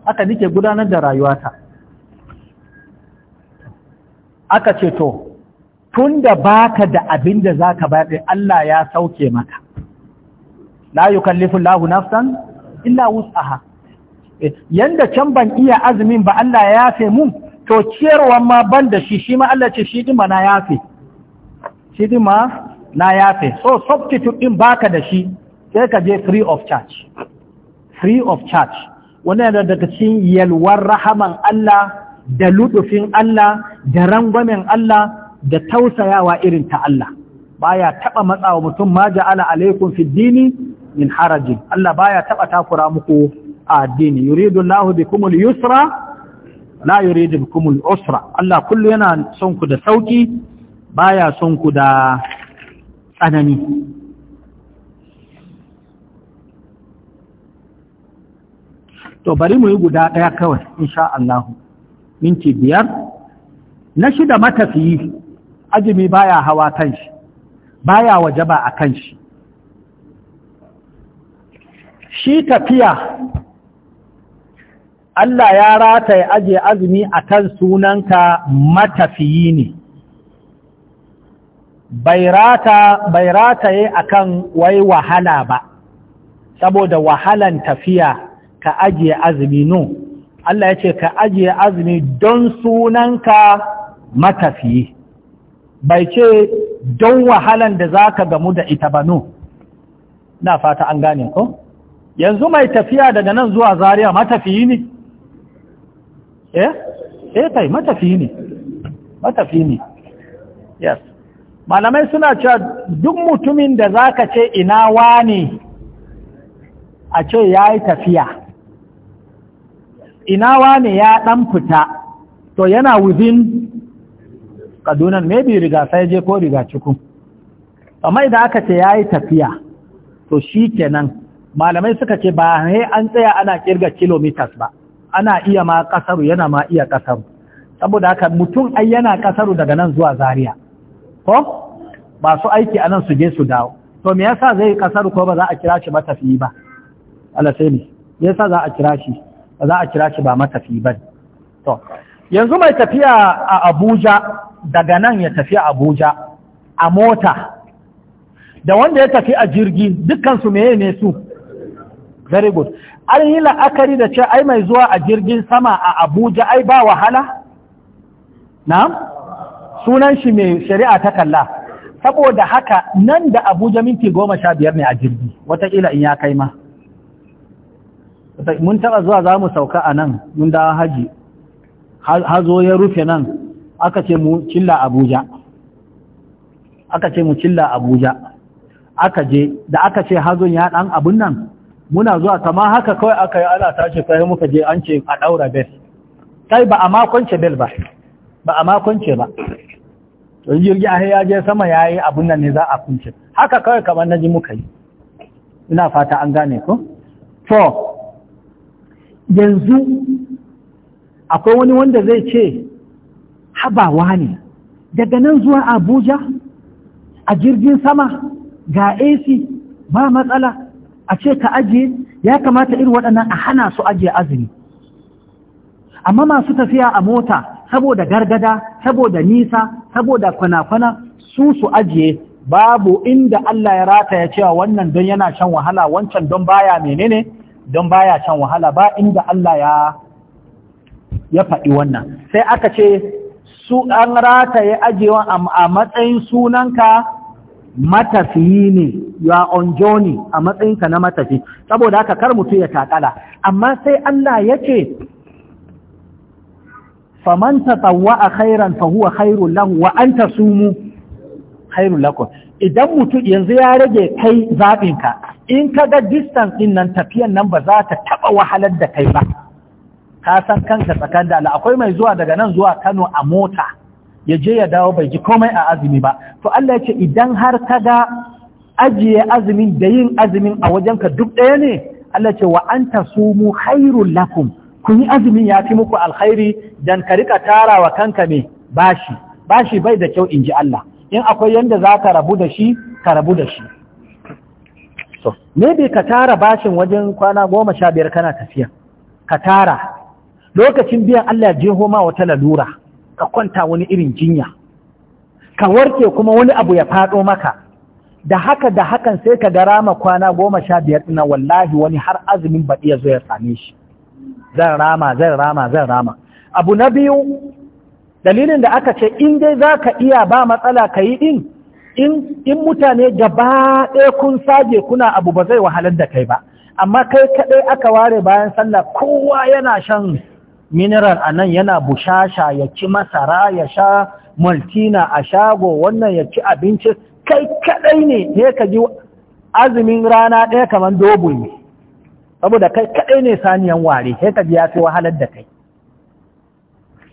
aka nike gudanar da rayuwata aka ce to tun da baka da abin da za ka bayar Allah ya sauke maka la kalli lahu nafsan illa wus'aha yanda can ban iya azumin ba Allah ya yafe mun to ciyarwa ma ban da shi shi ma Allah ce shi dima na yafe shi dima na yafe so substitute din baka da shi sai ka je free of charge free of charge wannan da daga cikin yalwar rahaman Allah da ludufin Allah da rangwamen Allah da tausayawa irin ta Allah baya taba matsawa mutum ma ja'ala alaikum fid dini min harajin Allah baya taba takura muku addini yuridu Allahu bikum al-yusra la yuridu bikum al-usra Allah kullu yana son ku da sauki baya son ku da tsanani to bari mu yi guda ɗaya kawai insha Allah minti biyar na shida matafiyi azumi baya hawa kanshi baya wajaba a kanshi shi tafiya Allah ya rata ya aje azumi a kan sunanka matafiyi ne, bai rata ya a kan wai wahala ba, saboda wahalan tafiya ka ajiye azumi no, Allah ya ce ka ajiye azumi don sunanka matafiyi, bai ce don wahalan da za ka gamu da ita ba no, na fata an gane ko? Yanzu mai tafiya daga nan zuwa zariya matafiyi ne? eh, eh matafi ne matafi ne yes malamai suna cewa duk mutumin da zaka ce ina wani a ce ya yi tafiya ina wani ya ɗan fita to yana within kadunan maybe riga sai je ko riga cikin amma idan aka ce ya yi tafiya to shi kenan malamai suka ce ba sai an tsaya ana kirga kilometers ba ana iya ma ƙasaru yana ma iya ƙasaru saboda haka mutum ai yana ƙasaru daga nan zuwa Zariya. ko ba su aiki a nan su je su dawo to me yasa zai ƙasaru ko ba za a kira shi matafi ba alasani me yasa za a kira shi ba za a kira shi ba matafi ba to yanzu mai tafiya a abuja daga nan ya tafi abuja a mota da wanda ya tafi a jirgi dukkan su meye ne su very good an yi la'akari da ce ai mai zuwa a jirgin sama a abuja ai ba wahala na sunan shi mai shari'a ta kalla saboda haka nan da abuja minti goma sha biyar ne a jirgi watakila in ya kai ma mun taɓa zuwa za mu sauka a nan mun da haji hazo ya rufe nan aka ce mu cilla abuja aka ce mu cilla abuja aka je da aka ce hazon ya ɗan abun nan muna zuwa kama haka kawai aka yi ana tashi sai muka je an ce a daura bel kai ba a makonce bel ba ba a makonce ba to jirgi a ya je sama ya yi abun nan ne za a kunce haka kawai kamar ji muka yi ina fata an gane ko to yanzu akwai wani wanda zai ce habawa ne daga nan zuwa abuja a jirgin sama ga ac ba matsala a ce ka ajiye ya kamata irin waɗannan a hana su ajiye azumi amma masu tafiya a mota saboda gargada saboda nisa saboda kwana-kwana su su ajiye babu inda Allah ya rata ya cewa wannan don yana shan wahala wancan don baya menene don baya shan wahala ba inda Allah ya ya faɗi wannan sai aka ce su an rata ya ajiyewa a matsayin sunanka matafiyi ne ya on journey a matsayinka na matafi saboda haka kar mutu ya takala amma sai Allah ya ce faman a khairan fa huwa khairu lahu wa ta sumu khairu lakum idan mutu yanzu ya rage kai zaɓinka in ka ga distance din nan tafiyan nan ba za ta taɓa wahalar da kai ba ka san kanka tsakan da akwai mai zuwa daga nan zuwa Kano a mota ya je ya dawo bai ji komai a azumi ba to Allah ya ce idan har ka ga ajiye azumin da yin azumin a wajenka duk ɗaya ne Allah ya ce wa an tasumu khairul lakum kun yi azumin ya fi muku alkhairi dan ka rika tarawa kanka ne bashi bashi bai da kyau inji Allah in akwai yanda za ka rabu da shi ka rabu da shi so bai ka tara bashin wajen kwana goma sha biyar kana tafiya ka tara lokacin biyan Allah ya je ma wata lalura ka kwanta wani irin jinya ka warke kuma wani abu ya faɗo maka da haka da hakan sai ka gara rama kwana goma sha biyar ina wallahi wani har azumin baɗi ya zo ya same shi zan rama zan rama zan rama abu na biyu dalilin da aka ce in dai za ka iya ba matsala ka yi ɗin in mutane gaba ɗaya kun sage kuna abu ba zai wahalar da kai ba amma kai kaɗai aka ware bayan sallah kowa yana shan mineral a nan yana bushasha ya ci masara ya sha maltina a shago wannan ya ci abinci kai kadai ne ne ka ji azumin rana ɗaya kamar dobu ne saboda kai kadai ne saniyan ware sai ka ji ya fi wahalar da kai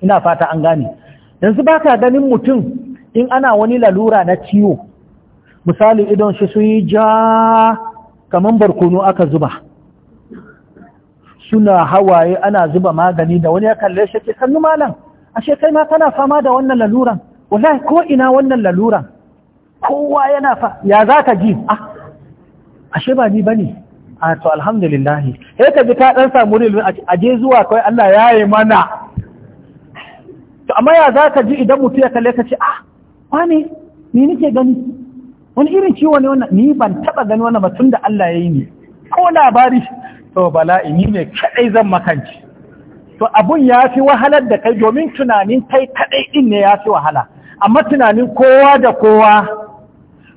ina fata an gane yanzu ba ka ganin mutum in ana wani lalura na ciwo misali idon shi su yi ja kamar barkono aka zuba suna hawaye ana zuba magani da wani ya kalle shi ke sannu malam ashe kai ma kana fama da wannan laluran wallahi ko ina wannan laluran kowa yana fa ya za ka ji ah ashe ba ni bane a to alhamdulillah sai ka ji ka dan samu rilun a je zuwa kai Allah ya yi mana to amma ya za ka ji idan mutum ya kalle ka ce ah wane ni nake gani wani irin ciwo ne wannan ni ban taba gani wannan ba tun da Allah ya yi ni ko labari to bala'i ni ne kadai zan makanci to abun ya fi wahalar da kai domin tunanin kai kadai din ne ya fi wahala amma tunanin kowa da kowa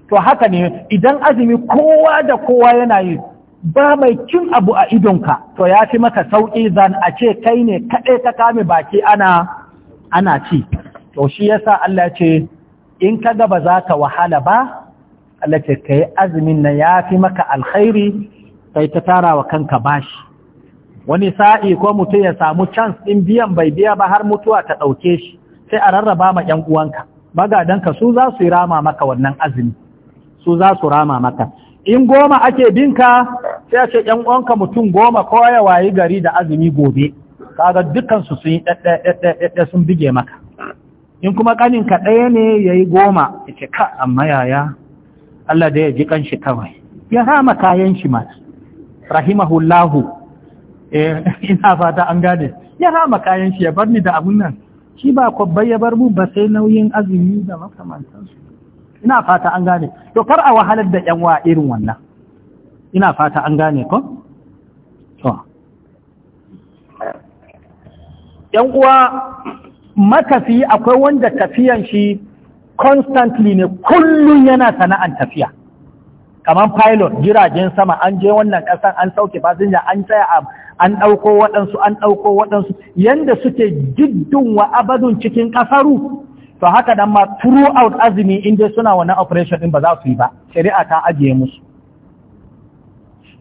to haka ne idan azumi kowa da kowa yana yi ba mai kin abu a idonka to ya fi maka sauƙi zan a ce kai ne kadai ka kame baki ana ana ci to shi yasa Allah ce in ka ba za ka wahala ba Allah ce kai azumin nan ya fi maka alkhairi kai ta tara wa kanka bashi wani sa'i ko mutum ya samu chance in biyan bai biya ba har mutuwa ta ɗauke shi sai a rarraba ma ‘yan uwanka magadanka su za su yi rama maka wannan azumi su za su rama maka in goma ake binka sai a ce ‘yan uwanka mutum goma ko ya wayi gari da azumi gobe kaga dukansu sun yi ɗaɗɗaɗɗaɗɗa sun bige maka in kuma ƙaninka ɗaya ne ya yi goma ya ce ka amma yaya Allah da ya ji ƙanshi kawai ya rama kayan shi mata rahimahullahu eh, ina fata an gane ya rama kayan shi ya bar ni da abun nan shi ba kwabbai ya bar mu ba sai nauyin azumi da makamantansu ina fata an gane to kar a wahalar da yan wa irin wannan ina fata an gane ko to yan uwa makafi akwai wanda tafiyan shi constantly ne kullum yana sana'an tafiya kamar pilot jiragen sama an je wannan ƙasan an sauke fasinja an tsaya a an ɗauko waɗansu an ɗauko waɗansu Yadda suke jiddun wa abadun cikin ƙasaru to haka dan ma throughout azumi in dai suna wannan operation ɗin ba za su yi ba shari'a ta ajiye musu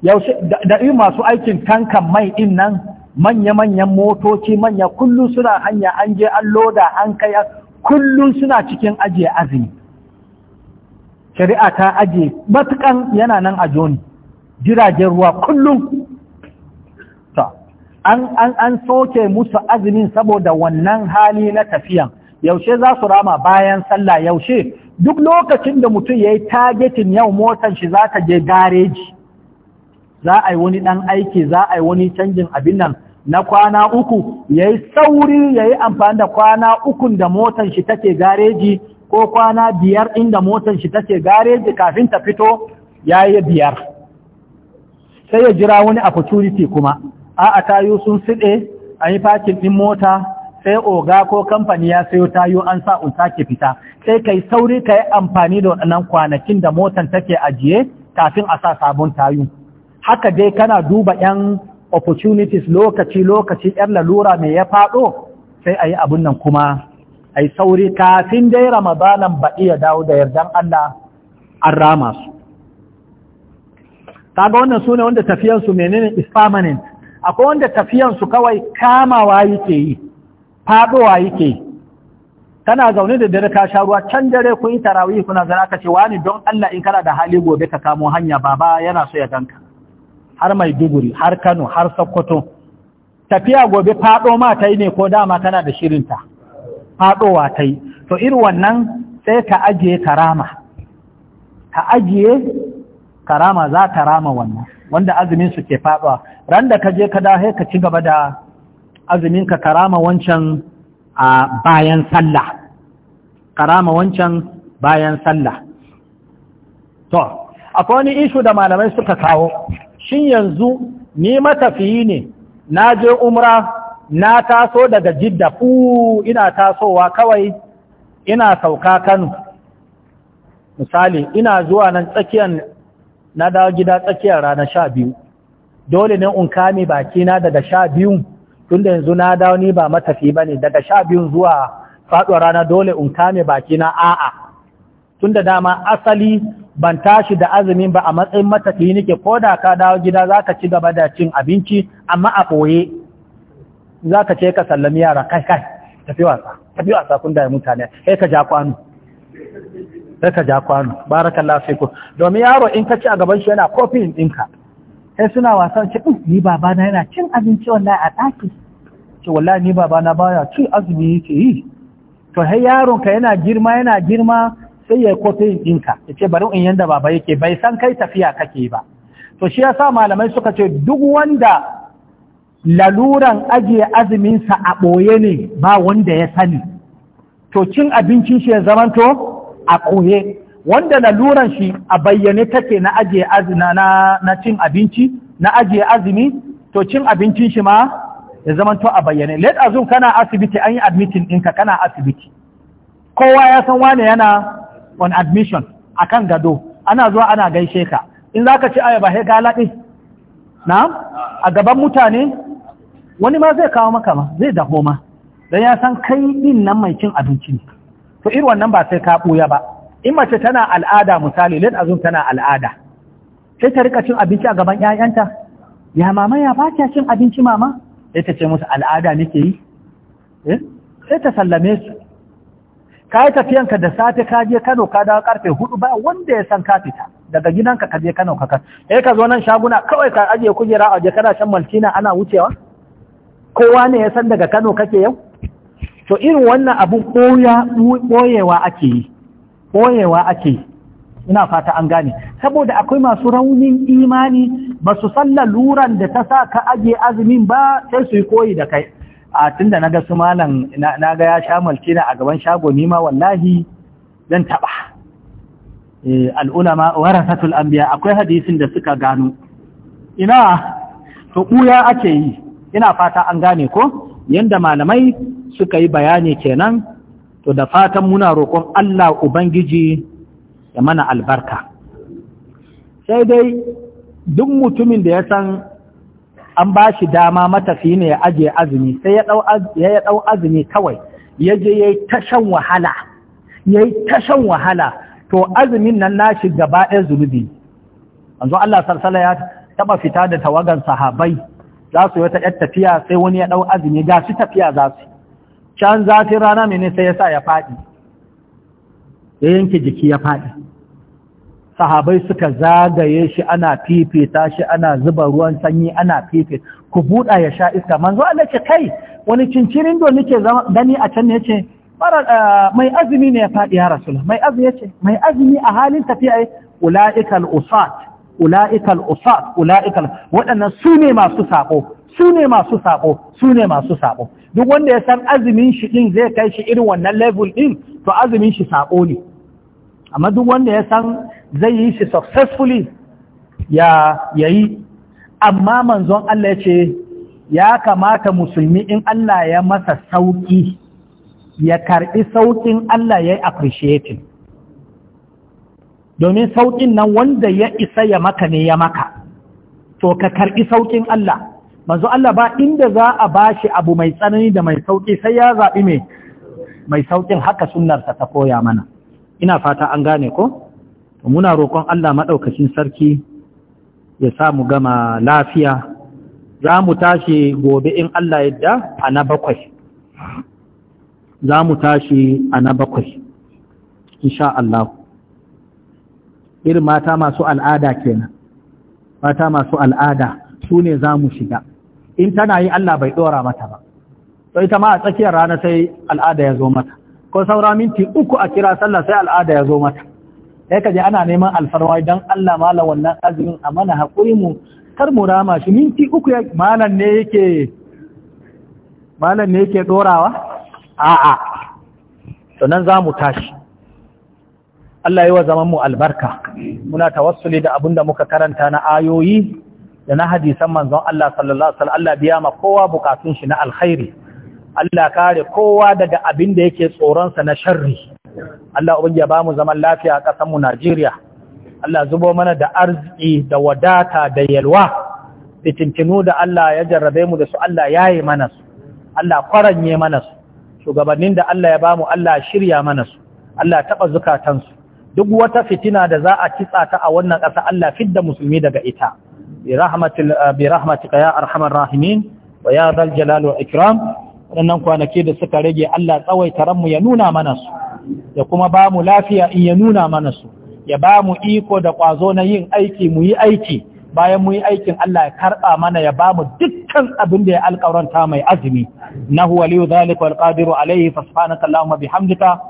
yaushe da yi masu aikin tankan mai ɗin nan manya-manyan motoci manya kullum suna hanya an je an loda an kai kullum suna cikin ajiye azumi shari'a ta ajiye matukan yana nan a joni jiragen ruwa kullum ta an an an soke musu azumin saboda wannan hali na tafiyan yaushe za su rama bayan sallah yaushe duk lokacin da mutum ya yi targetin yau motar shi za ta je gareji za a yi wani ɗan aiki za a yi wani canjin abin nan na kwana uku ya yi sauri ya yi amfani da kwana ukun da motar shi take gareji ko kwana biyar inda motar shi take gareji kafin ta fito ya yi biyar sai ya jira wani opportunity kuma a a tayo sun siɗe a yi fakin ɗin mota sai oga ko kamfani ya sayo tayo an sa un sake fita sai kai sauri ka yi amfani da waɗannan kwanakin da motar take ajiye kafin a sa sabon tayo haka dai kana duba 'yan opportunities lokaci-lokaci 'yan lalura mai ya faɗo sai a yi abin nan kuma ai sauri kafin dai ramadanan ba iya dawo da yardan Allah an rama su kaga wannan sune wanda tafiyansu menene is permanent akwai wanda tafiyansu kawai kamawa yake yi faɗowa yake yi kana zaune da dare ka sha ruwa can dare kun yi tarawih kuna zana ka ce wani don Allah in kana da hali gobe ka kamo hanya baba yana so ya danka. har mai duguri har Kano har Sokoto tafiya gobe faɗo ma ta yi ne ko dama kana da shirinta faɗowa ta yi to iri wannan sai ta ajiye rama, ta ajiye rama za ta rama wannan wanda azumin su ke faɗowa ran da ka je ka dahe ka ci gaba da azumin ka karama wancan a bayan sallah karama wancan bayan sallah to akwai wani ishu da malamai suka kawo shin yanzu ni matafiyi ne na je umra na taso daga jidda fu ina tasowa kawai ina sauka kano misali ina zuwa nan tsakiyar na dawo gida tsakiyar ranar sha biyu dole ne in kame bakina daga sha biyun tun yanzu na dawo ni ba matafi ba ne daga sha biyun zuwa faɗo rana dole in kame bakina a'a tun da dama asali ban tashi da azumin ba a matsayin matafi nake ko da ka dawo gida za ka ci gaba da cin abinci amma a ɓoye za ka ce ka sallami yara kai kai tafi wasa tafi wasa kun da mutane sai ka ja kwano sai ka ja kwano barakallahu fiku domin yaro in ka ci a gaban shi yana kofin ɗinka sai suna wasan ce, din ni babana yana cin abinci wallahi a ɗaki ce wallahi ni babana baya ci azumi yake yi to hai ka yana girma yana girma sai ya kofin ɗinka ya ce bari in yanda baba yake bai san kai tafiya kake ba to shi yasa malamai suka ce duk wanda laluran ajiye azuminsa a ɓoye ne ba wanda ya sani to cin abincin shi ya zamanto a ɓoye wanda laluran shi a bayyane take na ajiye na, na cin abinci na ajiye azumi to cin abincin shi ma ya zamanto a bayyane let azum kana asibiti an yi admitting ɗinka kana asibiti kowa ya san wane yana on admission akan gado ana zuwa ana gaishe ka in za ka ci ayaba he galaɗe na a gaban mutane wani ma zai kawo maka ma zai dafo ma don ya san kai din nan mai cin abinci ne to irin wannan ba sai ka ɓuya ba in mace tana al'ada misali lin azum tana al'ada sai ta rika cin abinci a gaban 'ya'yanta ya mama ya ba ta cin abinci mama sai ta ce musu al'ada nake yi eh? sai ta sallame su ka yi tafiyanka da safe ka je kano ka dawo karfe hudu ba wanda ya san ka fita daga gidanka ka je kano ka kan sai ka zo nan shaguna kawai ka ajiye kujera a je kana shan maltina ana wucewa kowa ne ya san daga Kano kake yau to irin wannan abun ɓoyewa ake yi ɓoyewa ake yi ina fata an gane saboda akwai masu raunin imani ba su san luran da ta sa ka ajiye azumin ba sai su yi koyi da kai a tunda na ga su malam na ga ya sha malkina a gaban shago nima wallahi zan taɓa eh, al'ulama warasatul anbiya akwai hadisin da suka gano ina to ɓuya ake yi ina fata an gane ko yanda malamai suka yi bayani kenan to da fatan muna roƙon Allah ubangiji ya mana albarka sai dai duk mutumin da ya san an ba shi dama matafi ne ya ajiye azumi sai ya ɗau azumi kawai ya je ya yi tashan wahala ya yi tashan wahala to azumin nan nashi gaba ɗaya zunubi manzo Allah sarsala ya taɓa fita da tawagan sahabai za su yi wata ɗan tafiya sai wani ya ɗau azumi ga su tafiya za su can zafin rana mai sai ya sa ya faɗi ya yanke jiki ya faɗi sahabai suka zagaye shi ana fifita shi ana zuba ruwan sanyi ana fifita ku buɗa ya sha iska manzo Allah ce kai wani cincirin do nake gani a can ne ce eh, mai azumi ne ya faɗi ya rasulullah mai azumi ce? mai azumi a halin tafiya ulaikal usat ula'ikal usat ula'ikal waɗannan su ne masu saƙo su ne masu saƙo su ne masu saƙo duk wanda ya san azumin shi ɗin zai kai shi irin wannan level din to azumin shi saƙo ne amma duk wanda ya san zai yi shi successfully ya yayi amma manzon Allah ya ce ya kamata musulmi in Allah ya masa sauƙi ya karɓi sauƙin Allah ya yi appreciating domin sauƙin nan wanda ya isa ya maka ne ya maka to ka karɓi sauƙin Allah manzo Allah ba inda za a bashi abu mai tsanani da mai sauƙi sai ya zaɓi mai mai sauƙin haka sunnarsa ta koya mana ina fata an gane ko to muna roƙon Allah maɗaukacin sarki ya sa mu gama lafiya za mu tashi gobe in Allah yadda a na bakwai za mu tashi a na bakwai insha Allah irin mata masu al'ada kenan mata masu al'ada su ne za mu shiga in tana yi Allah bai ɗora mata ba sai ita ma a tsakiyar rana sai al'ada ya zo mata ko saura minti uku a kira sallah sai al'ada ya zo mata sai ka je ana neman alfarwa don Allah malam wannan azumin a mana haƙuri mu kar mu rama shi minti uku malam ne yake malam ne yake ɗorawa a'a to nan za mu tashi Allah yi wa zaman mu albarka muna tawassuli da abin da muka karanta na ayoyi da na hadisan manzon Allah sallallahu alaihi Allah biya ma kowa bukatun shi na alkhairi Allah kare kowa daga abin da yake tsoronsa na sharri Allah ubangiya ba mu zaman lafiya a kasar mu Najeriya Allah zubo mana da arziki da wadata da yalwa fitintinu da Allah ya jarrabe mu da su Allah yayi mana su Allah kwaranye mana su shugabannin da Allah ya bamu Allah shirya mana su Allah taɓa zukatansu duk wata fitina da za a kitsa ta a wannan ƙasa Allah fidda musulmi daga ita bi rahmatil eh, bi rahmatika ya arhamar rahimin wa ya dal jalal wa ikram wannan kwanaki da suka rage Allah tsawaita ranmu ya nuna mana su ya kuma ba mu lafiya in ya nuna mana su ya ba mu iko da kwazo na yin aiki mu yi aiki bayan mu yi aikin Allah ya karba mana ya ba mu dukkan abin da ya alƙawaranta mai azumi na huwa liyu zalika wal qadiru alayhi fa subhanaka allahumma bihamdika